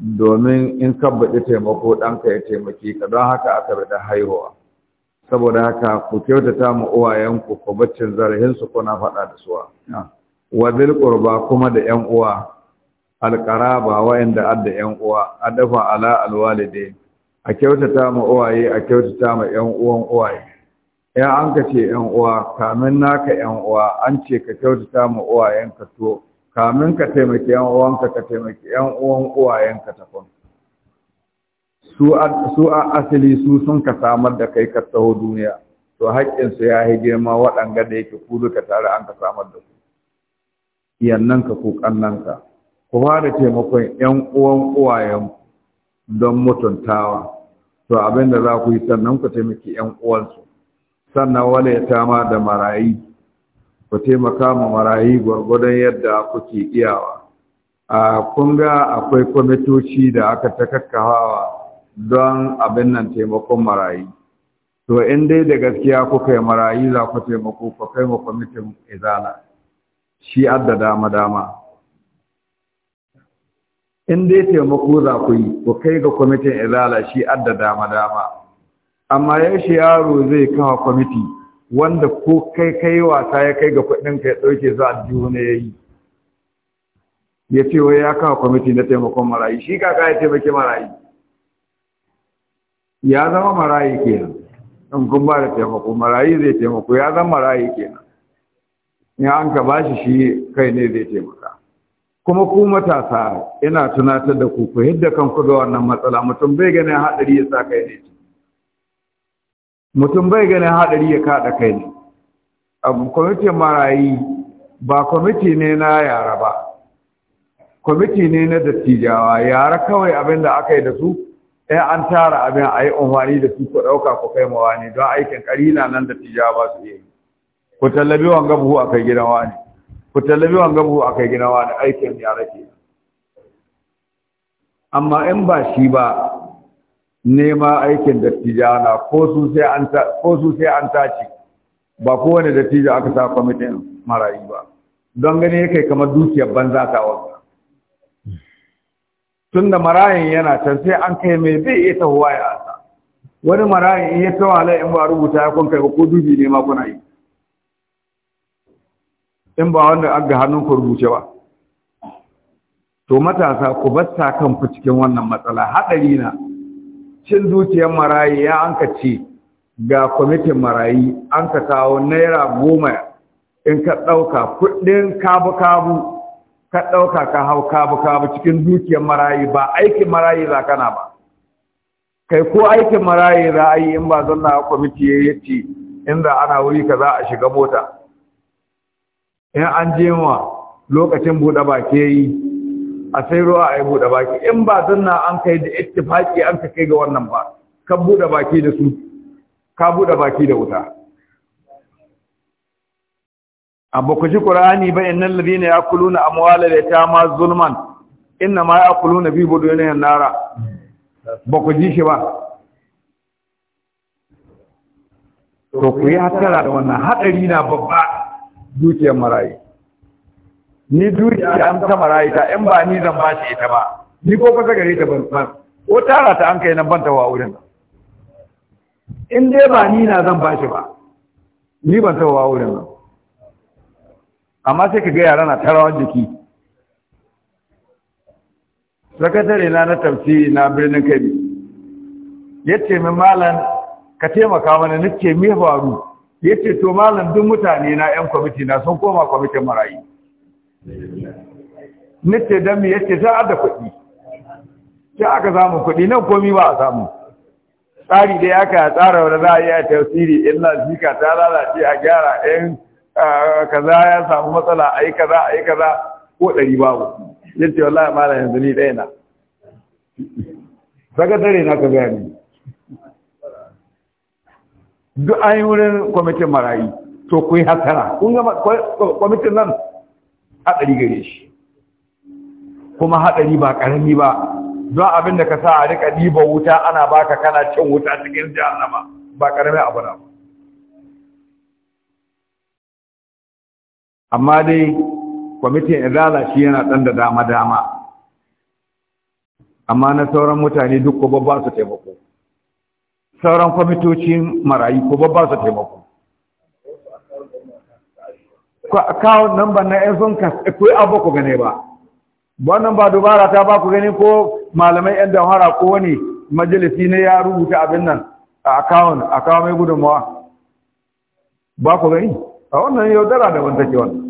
domin in ka taimako ɗanka ya taimake ka don haka aka bada haihuwa saboda haka ku kyautata mu uwayenku ku baccin zarahinsu kuna faɗa da suwa wa zil qurba kuma da ƴan uwa alqaraba wa'inda adda ƴan uwa adafa ala alwalide a kyautata mu uwaye a kyautata mu ƴan uwan uwaye ya an ka ce ƴan uwa kamin naka 'yan uwa an ce ka kyautata mu uwayenka to kamin ka taimaki yan uwanka ka taimaki yan uwan uwayenka ta kwan su a asali su sun ka samar da kai ka taho duniya to haƙƙinsu ya yi girma waɗanga da yake ku duka tare an ka samar da su yannanka ko ƙannanka ku fara taimakon yan uwan uwayen don mutuntawa to abin za ku yi sannan ku taimaki yan uwansu sannan wale ya ma da marayi ku taimaka ma marayi gwargwadon yadda kuke iyawa a kun ga akwai kwamitoci da aka takakkawa don abin nan taimakon marayi to in dai da gaskiya kuka yi marayi za ku taimako ku kai ma kwamitin izala shi adda dama dama in dai taimako za ku yi ku kai ga kwamitin izala shi adda dama dama amma yaushe yaro zai kawo kwamiti wanda ko kai kai wasa ya kai ga kuɗin ka ya ɗauke za a juhu ne ya yi ya ce wai ya kawo kwamiti na taimakon marayi shi kaka ya taimake marayi ya zama marayi kenan in kun ba da taimako marayi zai taimako ya zama marayi kenan in an ka bashi shi kai ne zai taimaka kuma ku matasa ina tunatar da ku ku hidda kanku ga wannan matsala mutum bai ganin haɗari ya sa kai ne mutum bai ganin haɗari ya kaɗa kai ne abu kwamitin marayi ba kwamiti ne na yara ba kwamiti ne na dattijawa yara kawai abin da aka yi da su ɗaya eh, an tara abin a yi umarni da su ku ɗauka ku kai mawa ne don aikin ƙarina nan dattijawa ba su yi ku tallabi wanga buhu a kai gina wani ku tallabi wanga buhu a kai gina wani aikin yara ke amma in ba shi ba nema aikin dattijana ko an ko su sai an tace ba kowane dattijo aka sa kwamitin marayu ba don gani kai kamar dukiyar banza ta wata tun da marayin yana can sai an kai mai zai iya huwa ya asa wani marayin in ya tawala in ba rubuta ya kun kai ba ko dubi ne ma kuna yi in ba wanda an ga hannun ku rubuce ba to matasa ku bata kan ku cikin wannan matsala haɗari na cin zuciyar marayi ya an ka ce ga kwamitin marayi an ka kawo naira goma in ka ɗauka kuɗin kabu-kabu ka ɗauka ka hau kabu-kabu cikin dukiyar marayi ba aikin marayi za kana ba kai ko aikin marayi za a yi in ba zanna kwamiti ya yi ce inda ana wuri ka za a shiga mota in an je ma lokacin buɗe baki ya yi a sai ruwa a yi buɗe baki in ba zanna an kai da ittifaki an ka kai ga wannan ba ka buɗe baki da su ka buɗe baki da wuta A ku ji qur'ani ba innal ladina yakuluna amwala ma zulman inna ma yakuluna bi budunihin nara ba ku ji shi ba to ku yi hatara da wannan hadari na babba dukiyar marayi ni da an sama rayuta in ba ni zan ba shi ita ba ni ko kusa gare ta ban ko tara ta an kai nan ban ta wa wurin in dai ba ni na zan ba shi ba ni ban wa wurin nan amma sai ka ga yara na tarawa jiki sakatare na na tafsi na birnin kabi ya ce min malam ka taimaka mana nake me faru ya ce to malam duk mutane na 'yan kwamiti na sun koma kwamitin marayu nace dan me yace a da kuɗi sai aka samu kuɗi nan komi ba a samu tsari dai aka tsara wanda za a yi a tausiri in zika ta lalace a gyara in kaza ya samu matsala a yi kaza a yi kaza ko ɗari babu yace wallahi malam yanzu ni ɗaya na dare na ka gani duk an yi wurin kwamitin marayi to ku yi hasara kun ga kwamitin nan haɗari gare shi kuma haɗari ba ƙarami ba don abin da ka sa a rika ɗiba wuta ana baka kana cin wuta cikin jahannama ba ƙarami abu na ba amma dai kwamitin izala shi yana ɗan da dama-dama amma na sauran mutane duk ko babba su taimako sauran kwamitocin marayu ko babba su taimako account number na yan sun ka ku abu ku gane ba wannan ba dubara ta ba ku gani ko malamai yan damhara ko wani majalisi ne ya rubuta abin nan a account akawun mai gudunmawa ba ku gani a wannan yaudara da wanda ke wannan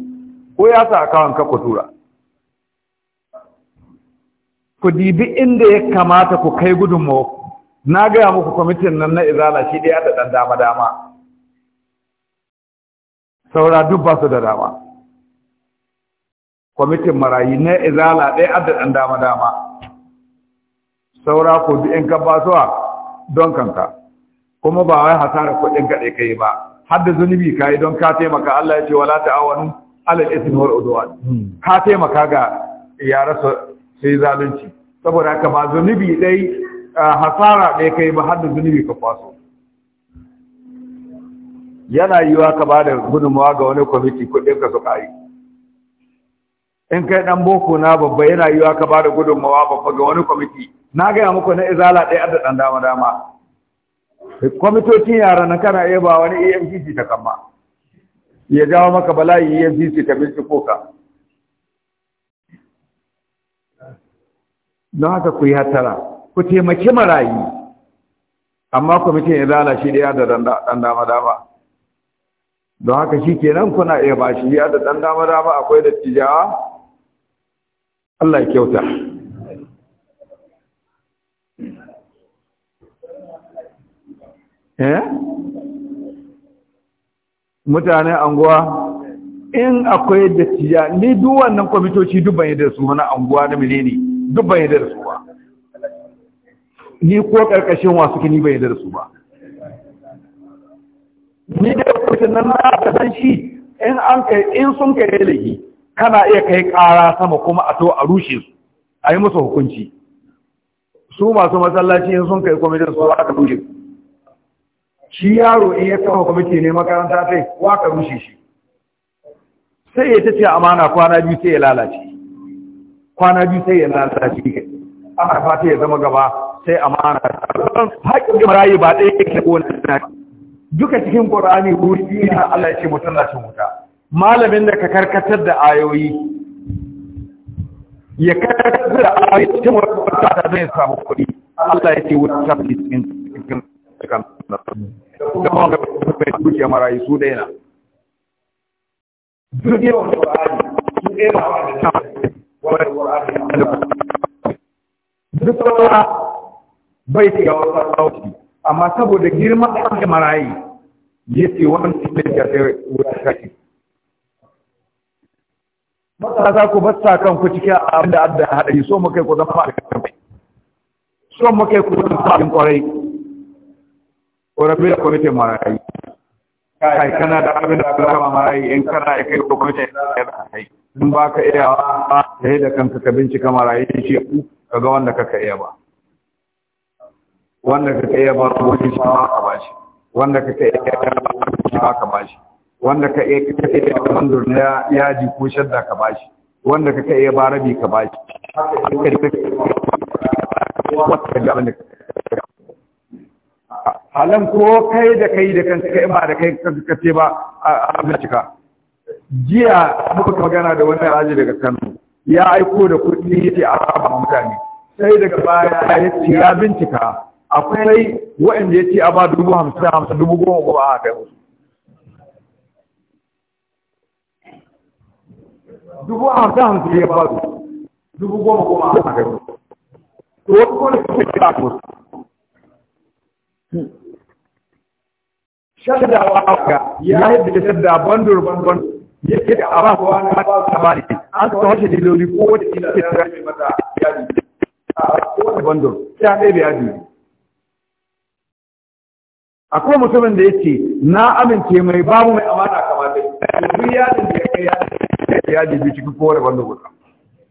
ko ya sa account ka ku tura ku dibi inda ya kamata ku kai gudunmawa na gaya muku kwamitin nan na izala shi ɗaya da ɗan dama-dama saura duk ba su da dama kwamitin marayi na izala ɗaya adadin dama-dama saura ko in ka ba don kanka kuma ba wai hasara kuɗin kaɗai kai ba Hadda zunubi ka yi don ka taimaka Allah ya ce wala awon alal isin wal udwan hmm. ka taimaka ga yara su sai zalunci saboda haka ba zunubi dai hasara ɗaya kai ba hadda zunubi ka kwaso yana yiwa ka ba da gudunmawa ga wani kwamiti kudin ka suka yi in kai dan boko na babba yana yiwa ka ba da gudunmawa babba ga wani kwamiti na gaya muku na izala ɗaya da ɗan dama dama kwamitocin yara na kana iya ba wani emcc ta kama ya jawo maka bala'i emcc ta binciko ka don haka ku yi hattara ku taimaki marayi amma kwamitin izala shi ɗaya da ɗan dama dama don haka shi kenan kuna iya ba shi ya da ɗan dama dama akwai da tijawa Allah ya kyauta eh mutane anguwa in akwai tijawa ni duk wannan kwamitoci duk ban yadda su mana anguwa na mene ne duk ban yadda su ba ni ko karkashin wasu kini ban yadda su ba ni da kusa nan na ka san shi in an kai in sun kai laifi kana iya kai ƙara sama kuma a to a rushe su a yi musu hukunci su masu masallaci in sun kai kwamitin su aka rushe su shi yaro in ya kawo kwamiti ne makaranta sai wa ka rushe shi sai ya tace amana kwana biyu sai ya lalace kwana biyu sai ya lalace ana fata ya zama gaba sai amana haƙƙin marayi ba ɗaya yake ko na duka cikin qur'ani hurfi na Allah ya ce mutum na wuta malamin da ka karkatar da ayoyi ya karkatar da ayoyi cikin wuta ta zai samu kuɗi Allah ya ce wuta ta fi cikin cikin kan da kuma da kuma da marayu su da yana duk yawan qur'ani su da yana wa da qur'ani duk sauran bai shiga wasu sauki amma saboda girman da marayi yace wannan ne da sai wura shaki matasa ku basta kan ku cikin abin da adda hadari so mu kai ku zama alƙarfi so mu kai ku zama abin kwarai ko rabbi da kwamitin marayi kai kana da abin da zama marayi in kana da kai ko kwamitin marayi in ba ka iya ba yi da kanka ka bincika marayi ce ka ga wanda kaka iya ba wanda kaka iya ba ko shi ba a bashi wanda ka kai ya ka shi, wanda ka iya kai ya bandur na yaji ko shadda ka shi, wanda ka kai ya barabi ka shi. halan ko kai da kai da kanka kai ba da kai ka ce ba a bincika jiya muka magana da wani raji daga Kano ya aiko da kuɗi yace a mutane sai daga baya ya ce ya bincika akwai rai waɗanda ya ce a ba dubu hamsin hamsin dubu goma goma a kai musu dubu hamsin hamsin ya ba su dubu goma goma a kai musu to wani kone su ke ba musu shaddawa ga ya yadda da shadda bandur bandur ya ce a ba su wani ne, an kawo wace diloli ko wata ila ya rami mata yadi a kowane bandur ya ne da yadi akwai mutumin da yake na amince mai babu mai amana kamar dai duk yadin da ya kai yadin ya dibi cikin kore banda guda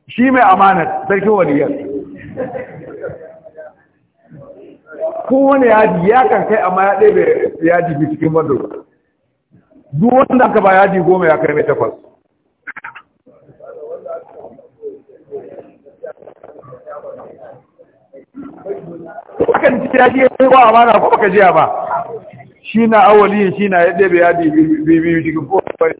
shi mai amana sarki waliyar kowane yadi ya kan kai amma ya ɗebe ya dibi cikin banda guda duk wanda aka ba yadi goma ya kai mai takwas Akan ci yaji ya yi ko amana ko baka jiya ba, shi na awali shi na ya ɗebe ya bibiyu cikin kowar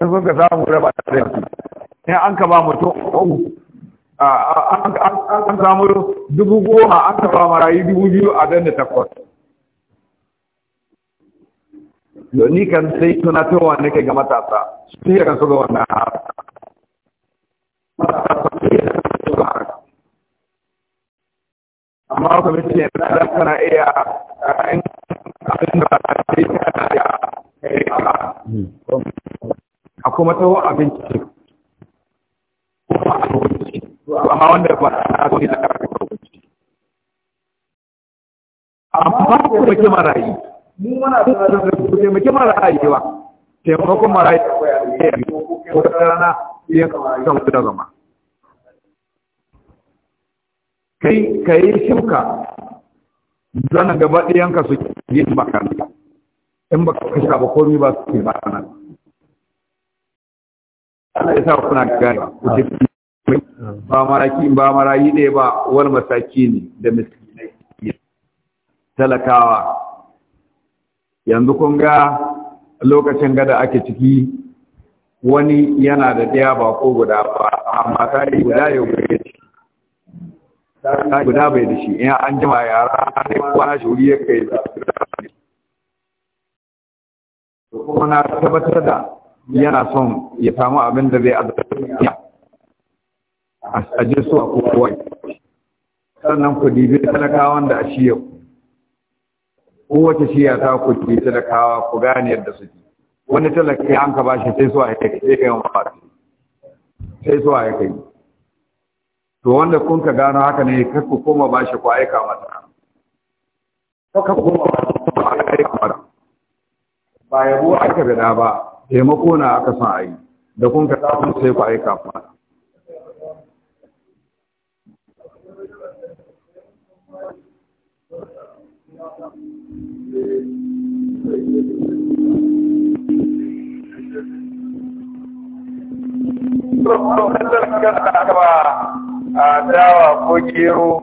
in sun ka samu raba da yanku in an ka ba mutum an samu dubu goma an ka ba marayu dubu biyu a dan da takwas ni kan sai tunatarwa nake ga matasa su yi kansu ga wannan harka matasa su yi kansu ga da kana iya in abin da ba ta yi kana iya a kuma taho abinci kuma abinci amma wanda ba a kwanci da karfi abinci amma kuma ke marayi mu muna sanar da ku taimaki mara ajiyewa taimakon mara ajiyewa ko ta rana ya kama da zama kai ka yi shimka zana gaba ɗayanka su yi makaranta in ba ka kasha ba komi ba su ke ba nan ana isa kuna gani ba maraki ba marayi ne ba wani mataki ne da miskinai talakawa yanzu kun ga lokacin gada ake ciki wani yana da ɗaya ba ko guda ba amma ta yi guda ya gare shi ta guda bai da shi in an jima yara ne kwana shuri ya kai da kuma na tabbatar da yana son ya samu abin da zai azabta a ji su a kowai. sannan ku dibi talakawan da a shi yau kowace shiya ta ku ke talakawa ku gane yadda suke wani talaka an ka bashi sai su a kai sai kai mafi sai su a kai to wanda kun ka gano haka ne kar ku koma bashi ku aika mata ka koma ku aika mata ba yabo aka bada ba taimako na aka son ayi da kun ka tafi sai ku aika mata Thank you. dawa ko gero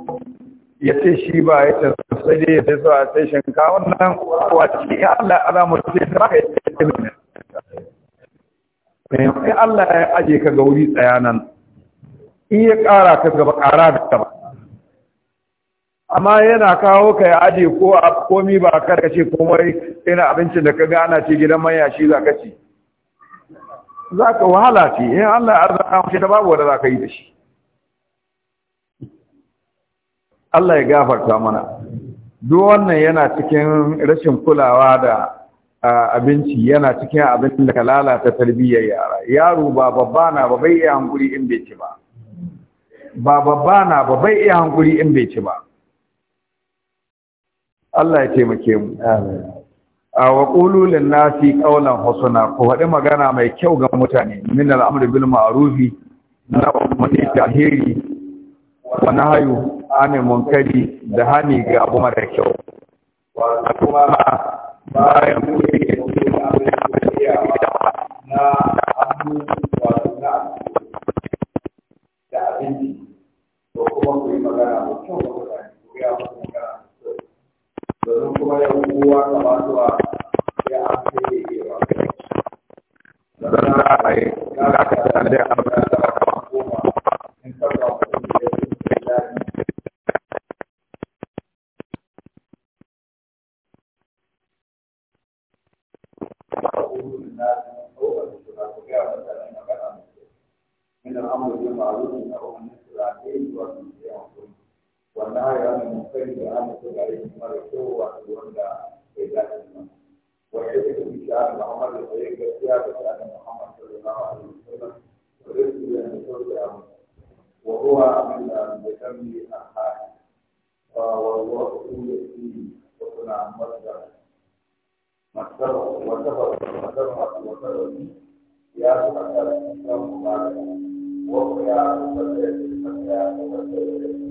ya ce shi ba ya ce sai dai ya so a sai shinkawa nan kuwa cikin Allah alamu sai ta ka yi mai Allah ya aje ka ga wuri tsaya nan in ya ƙara ka gaba ƙara da gaba amma yana kawo ka ya aji ko a komi ba karkace komai ina abincin da ka ana ce gidan manya shi za ka ci za ka wahala ce in Allah ya arzaka mace ta babu wanda za ka yi da shi Allah ya gafarta mana duk wannan yana cikin rashin kulawa da abinci yana cikin abin da ka lalata tarbiyyar yara yaro ba babba na ba bai iya hankuri in bai ci ba ba babba na ba bai iya hankuri in bai ci ba Allah ya taimake mu a wa qulu nasi qawlan ko faɗi magana mai kyau ga mutane min al'amur, bil ma'ruf na umarni da alheri wa nahyu anil munkari da hani ga abu mara kyau wa kuma bayan da ya na hannu wato na da abinci ko kuma ku yi magana ko kyau ga mutane ku domin kuma ya kowa ya amsa da ke ba. za a yi ka ba من الامر بالمعروف wanda ya yi kai da ana so da yake mara kyau wa wanda bai dace ba wanda ya ke bisa da Muhammad da ya gaskiya da tsarin Muhammad sallallahu alaihi wasallam da ya yi da sauki a mu wa huwa min al-bakamli al-haq wa wa yati wa kuna madda masar wa tabar wa tabar da tabar ya su kasar da mubarak wa ya su kasar da ya su kasar da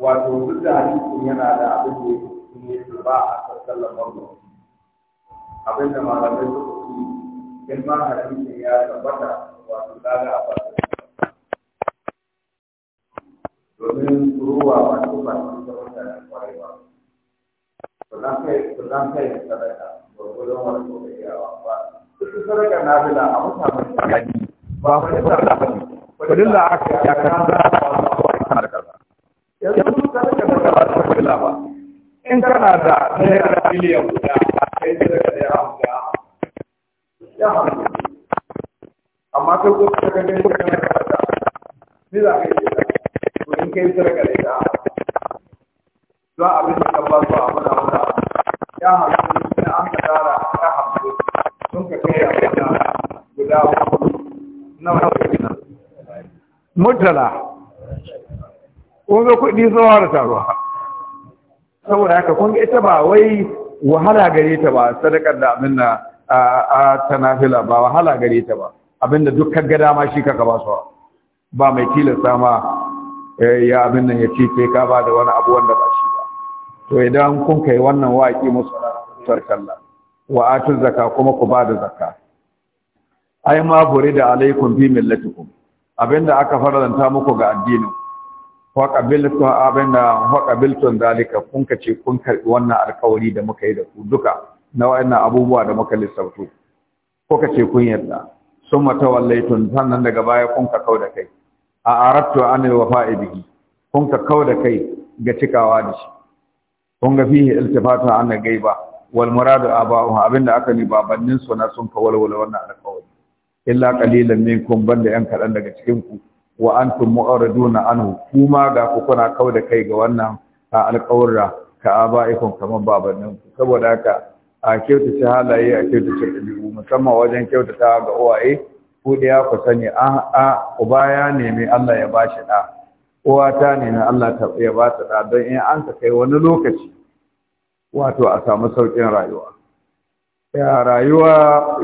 wato duk da hadisin yana da abin da yake cikin yake ba a sassallan bango abin da malamai suka ci in ma hadisin ya tabbata wato daga a fasa domin ruwa ba su da mutane kwarai ba su zan kai su zan kai sadaka wani wato da iyawa ba su sadaka na bila a mutane ba ba ba ba ba ba ba ba ba ba ba ba nafila ba in kana da naira miliyan guda kai da daga da ya hamsa amma kai ko ka ga ne ka da ni za ka yi to in kai sarka da za a bi ka ba su a mana mana ya hamsa ne an ka dara ya hamsa sun ka kai ya guda guda na wani mutala ko ga kuɗi tsawa da taruwa saboda haka kun ga ita ba wai wahala gare ta ba sadakar da abin da a tanafila ba wahala gare ta ba abin da duk gada dama shi kaka ba su ba mai tilasta ma eh, ya abin nan ya ce sai ka ba da wani abu wanda ba shi ba to idan kun kai wannan waƙi musu sarkalla wa atu zakka kuma ku ba da zaka ai ma da alaikum bi Abin da aka faranta muku ga addinin faƙabiltun abin da faƙabiltun dalika kun ka ce kun karɓi wannan alkawari da muka yi da ku duka na wa'annan abubuwa da muka lissafto ko ka ce kun yarda sun mata wallaitun sannan daga baya kun ka kau da kai a arabtu an yi wafa ibigi kun ka kau da kai ga cikawa da shi kun ga fihi iltifatu an gaiba wal muradu aba'u abinda aka ni babannin su na sun ka walwala wannan alkawari illa qalilan minkum banda yan kadan daga cikin ku wa antum mu'riduna anhu kuma ga ku kuna kauda kai ga wannan alƙawarra ka abaikum kaman babannin ku saboda haka a kyautace halaye a kyautace ɗabi'u musamman wajen ta ga uwaye ku ɗaya ku sani a a uba ya nemi Allah ya ba shi ɗa uwa ta nemi Allah ya ba ta ɗa don in an ka kai wani lokaci wato a samu sauƙin rayuwa ya rayuwa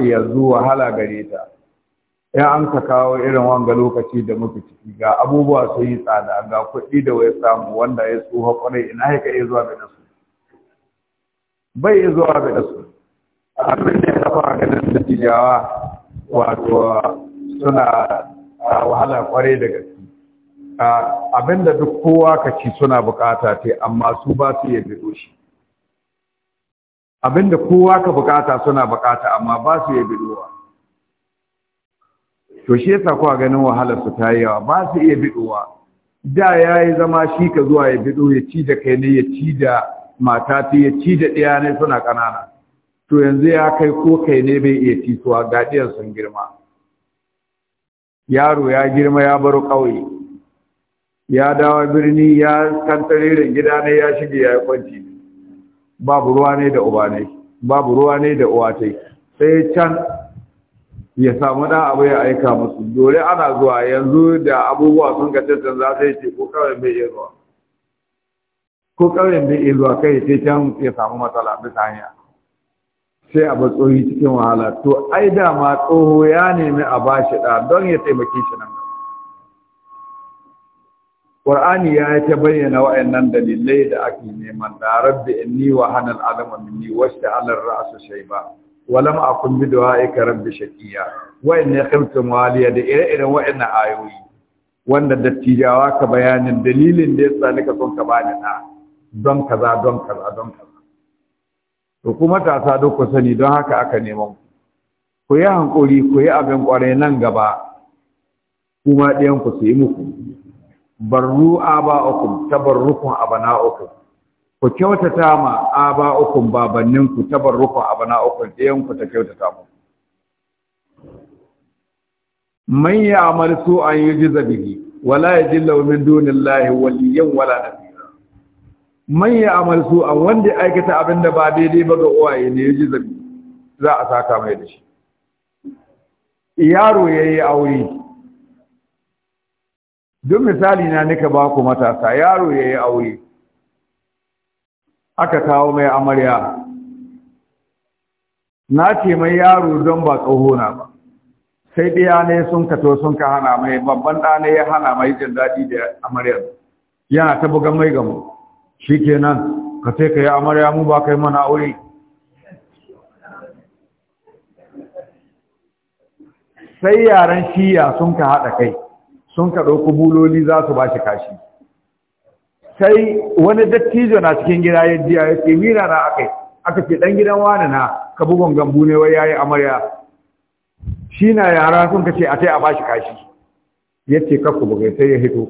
yanzu wahala gare ta ya an ka kawo irin wanga lokaci da muke ciki ga abubuwa sun yi tsada ga kuɗi da wai samu wanda ya tsoha kwarai ina ya ka zuwa ga su bai iya zuwa ga su abin da ya kafa ganin da tijawa wato suna wahala kwarai da gaske abin da duk kowa ka ci suna bukata te amma su ba su iya bido shi abin da kowa ka bukata suna bukata amma ba su iya bidowa to shi yasa kuwa ganin wahalar su ta yawa ba su iya bidowa da ya yi zama shi ka zuwa ya biɗo, ya ci da kai ne ya ci da mata ta ya ci da ɗaya ne suna ƙanana to yanzu ya kai ko kai ne bai iya ci suwa ga sun girma yaro ya girma ya baro ƙauye ya dawo birni ya kantare da gida ne ya shige ya kwanci babu ruwa ne da uba ne babu ruwa ne da uwa sai can ya samu dan abu ya aika musu dole ana zuwa yanzu da abubuwa sun ga tattan za ta ko kawai bai iya zuwa ko kawai bai iya zuwa kai ce can ya samu matsala bisa hanya sai a batsoyi cikin wahala to ai dama tsoho ya nemi a bashi da don ya taimake shi nan Qur'ani ya ta bayyana wa'annan dalilai da ake neman da rabbi inni wa hanal adama minni wasta ra'su shayba walam akun bi du'aika rabbi shaqiya wa inna khiftu maliya da ire-iren wa'annan ayoyi wanda dattijawa ka bayanin dalilin da yasa nika son ka bani na don kaza don kaza don kaza to kuma matasa sa ku sani don haka aka neman ku ku yi hankuri ku yi abin kwarai nan gaba kuma ɗayan ku su yi muku barru aba ukum a bana ukum ku kyautata ma aba ukun babannin ku tabarruku abana ukun ɗayan ku ta kyautata mu man ya'mal su'an yujza bihi wala yajilla min dunillahi waliyyan wala nasira man ya'mal su'an wanda aikata abin da ba daidai ba ga uwaye ne yujza bihi za a saka mai da shi yaro yayi aure duk misali na nika ba ku matasa yaro yayi aure aka kawo mai amarya na ce mai yaro don ba tsoho na ba sai ɗaya ne sun kato sun ka hana mai babban ɗa ne ya hana mai jin daɗi da amaryar yana ta bugan mai gamu shi kenan ka sai ka yi amarya mu ba kai mana aure sai yaran shiya sun ka haɗa kai sun ka ɗauki buloli za su ba shi kashi sai wani dattijo na cikin gida ya jiya ya ce mira na yi aka ce dan gidan wani na ka bugun gambu ne wai yayi amarya shi na yara sun ce a sai a bashi kashi Ya ce kakku bugai sai ya hito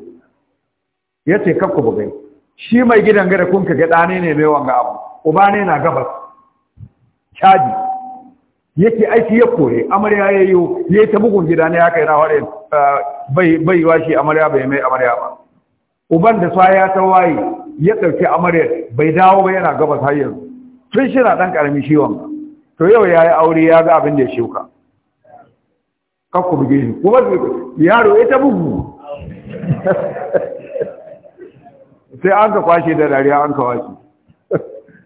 ce kakku bugai shi mai gidan gada kun ga dane ne mai wanga abu uba ne na gabas caji. Ya ce aiki ya kore amarya ya yi yi ta bugun gida ne ya kai na eh, bai bai washi amarya bai mai amarya ba uban da saya ta waye ya ɗauki amaryar bai dawo ba yana gabas har yanzu tun shi na ɗan ƙaramin ciwon to yau ya yi aure ya ga abin da ya shuka kakku buge shi kuma yaro ya ta bugu sai an ka kwashe da dariya an ka washe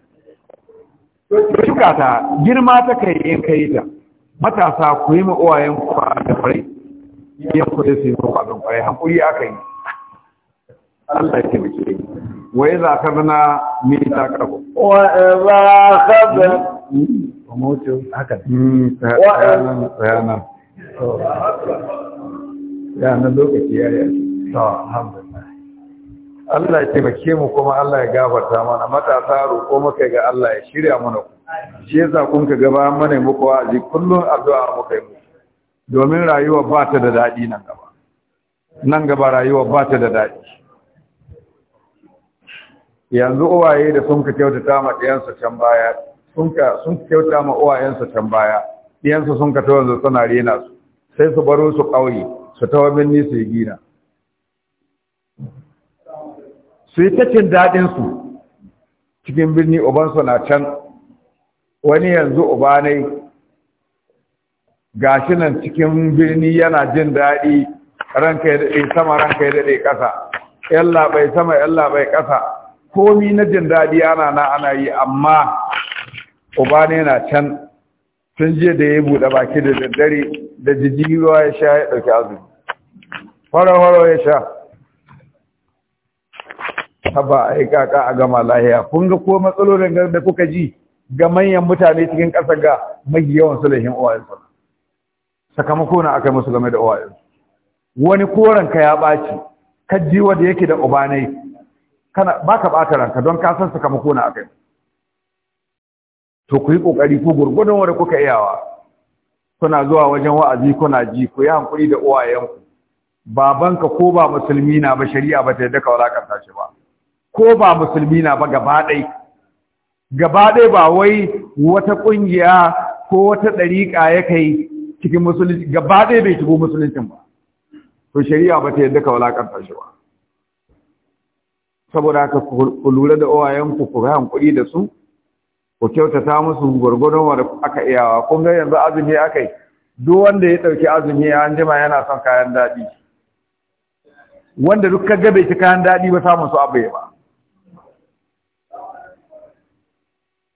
shuka ta girma ta kai in kai ta matasa ku yi ma uwayen a da kwarai yan da su yi abin kwarai hankuri aka yi Allah ya taimake ni wa idza akhadna mithaqakum wa idza akhadna mutu haka hmm, wa yana yana lokaci ya yi to alhamdulillah Allah ya taimake mu kuma Allah ya gafarta mana matasa roƙo muka ga Allah ya shirya mana ku shi yasa kun ka gaba mana muku ji kullum addu'a muka yi muku domin rayuwa ba ta da daɗi nan gaba nan gaba rayuwa ba ta da daɗi yanzu uwaye da sun ka kyautata ma ɗiyansa can baya sun ka sun kyauta ma uwayensa can baya ɗiyansa sun ka tawanzu suna rena su sai su baro su ƙauye su tawa birni su yi gina su yi ta cin daɗinsu cikin birni ubansu na can wani yanzu uba ne gashi nan cikin birni yana jin daɗi ranka ya daɗe sama ranka ya daɗe ƙasa yalla bai sama yalla bai ƙasa komi na jin daɗi ana na ana yi amma uba ne na can tun jiya da ya buɗe baki da daddare da jijiyowa ya sha ya ɗauki azumi faro-faro ya sha haba a yi kaka a gama lahiya kun ga ko matsalolin da kuka ji ga manyan mutane cikin ƙasa ga mai yawan sulhin uwayensu sakamako na aka musu game da uwayensu wani koranka ya ɓaci kajji wanda yake da ubanai kana baka bata ranka don ka san sakamako na akai to ku yi kokari ku gurgudun wanda kuka iyawa kuna zuwa wajen wa'azi kuna ji ku yi hankuri da uwayenku babanka ko ba musulmi na ba shari'a ba ta yadda ka walakanta shi ba ko ba musulmi na ba gaba ɗai gaba ɗai ba wai wata ƙungiya ko wata ɗariƙa ya kai cikin musulunci gaba ɗai bai shigo musuluncin ba to shari'a ba ta yadda ka walakanta shi ba saboda haka ku lura da owayenku ku ga hankuri da su ku kyautata musu gwargwadon wanda aka iyawa kun ga yanzu azumi akai duk wanda ya dauki azumi an jima yana son kayan dadi wanda duk ka gabe ci kayan dadi ba samun su abai ba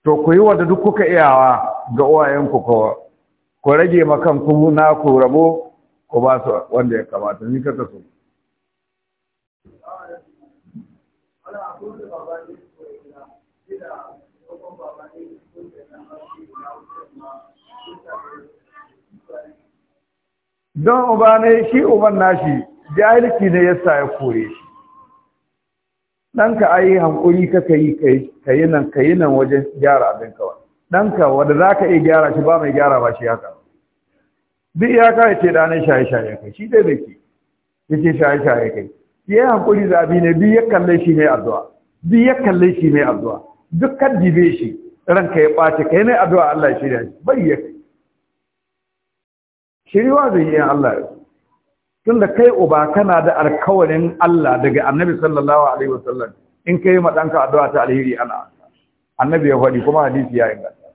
to ku yi wanda duk kuka iyawa ga ku kawa ku rage makan ku na ku rabo ku ba su wanda ya kamata ni ka so don uba ne shi uban nashi jahilci ne yasa ya kore shi ɗanka a yi hankuri ka yi ka yi nan ka yi nan wajen gyara abin kawai ɗanka wanda za ka iya gyara shi ba mai gyara ba shi haka duk ya ya ce ɗanin shaye-shaye kai shi dai da ke ya ce shaye-shaye kai ya yi hankuri zabi ne duk ya kalle shi ne addu'a duk ya kalle shi mai addu'a duk kan dibe shi ranka ya ɓace kai ne addu'a Allah ya shirya shi bai ya shiriwa zai yi Allah tun da kai uba kana da alkawarin Allah daga annabi sallallahu alaihi wasallam in kai ma ɗanka addu'a ta alheri ana annabi ya faɗi kuma hadisi ya inganta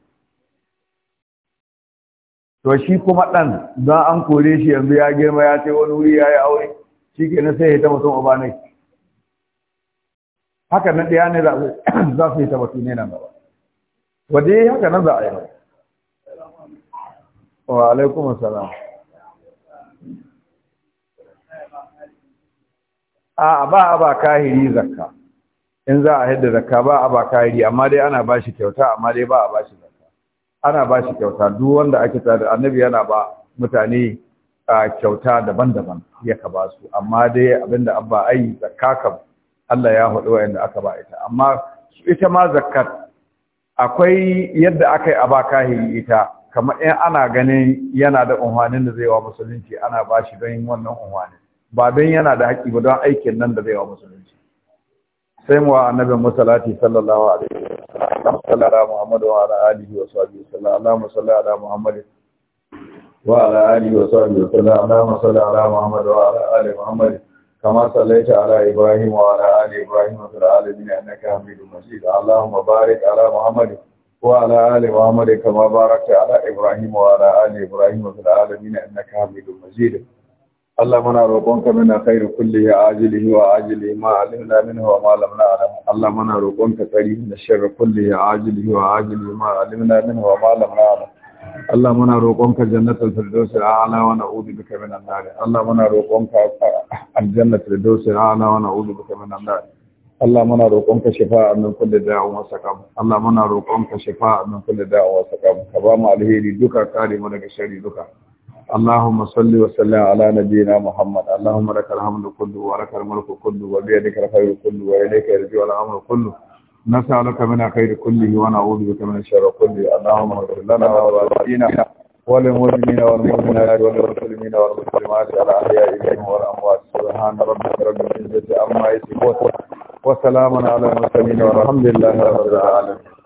to shi kuma ɗan za an kore shi yanzu ya girma ya ce wani wuri ya yi aure shi ke na sai ya ta mutum uba ne haka na ɗaya ne za su yi wasu ne nan gaba wadda yi haka nan za a yi wa alaikum salam a ba a ba kahiri zakka in za a hidda zakka ba a ba kahiri amma dai ana ba shi kyauta amma dai ba a ba shi zakka ana ba shi kyauta duk wanda ake tsada annabi yana ba mutane kyauta daban-daban ya ka ba su amma dai abinda abba yi zakka kam Allah ya haɗu wa'anda aka ba ita amma ita ma zakat akwai yadda aka yi a ba kahiri ita kamar in ana ganin yana da unhwanin da zai wa musulunci ana ba shi don yin wannan unhwanin ba don yana da haƙƙi ba don aikin nan da zai wa musulunci sai mu wa annabin masalati sallallahu alaihi wa sallam ala muhammad wa ala alihi wa sahbihi sallallahu alaihi wa ala muhammad wa ala alihi wa sahbihi sallallahu alaihi wa sallam ala Muhammadu wa ala alihi muhammad كما صليت على إبراهيم وعلى آل إبراهيم في العالمين أنك حميد مجيد اللهم بارك على محمد وعلى آل محمد كما باركت على إبراهيم وعلى آل إبراهيم في العالمين أنك حميد مجيد اللهم نروقك من خير كله عاجله وعاجله ما علمنا منه وما لم نعلم اللهم نروقك خير من الشر كله عاجله وعاجله ما علمنا منه وما لم نعلم Allah muna roƙonka jannatul firdausi a'la wa na'udhu bika min an-nar. Allah muna roƙonka aljannatul firdausi a'la wa na'udhu bika min an-nar. Allah muna roƙonka nan min da da'a wasa saqam. Allah muna roƙonka nan min da da'a wasa saqam. Ka ba mu alheri duka kare mu daga sharri duka. Allahumma salli wa sallim ala nabiyyina Muhammad. Allahumma lakal hamdu kullu wa lakal mulku kullu wa bi yadika al-khayru kullu wa ilayka yarji'u al-amru kullu. نسألك من خير كله ونعوذ بك من شر كله اللهم اغفر لنا ووالدينا وللمؤمنين والمؤمنات والمسلمين والمسلمات على أحياء منهم والأموات سبحان ربك رب العزة عما يصفون وسلام على المرسلين والحمد لله رب العالمين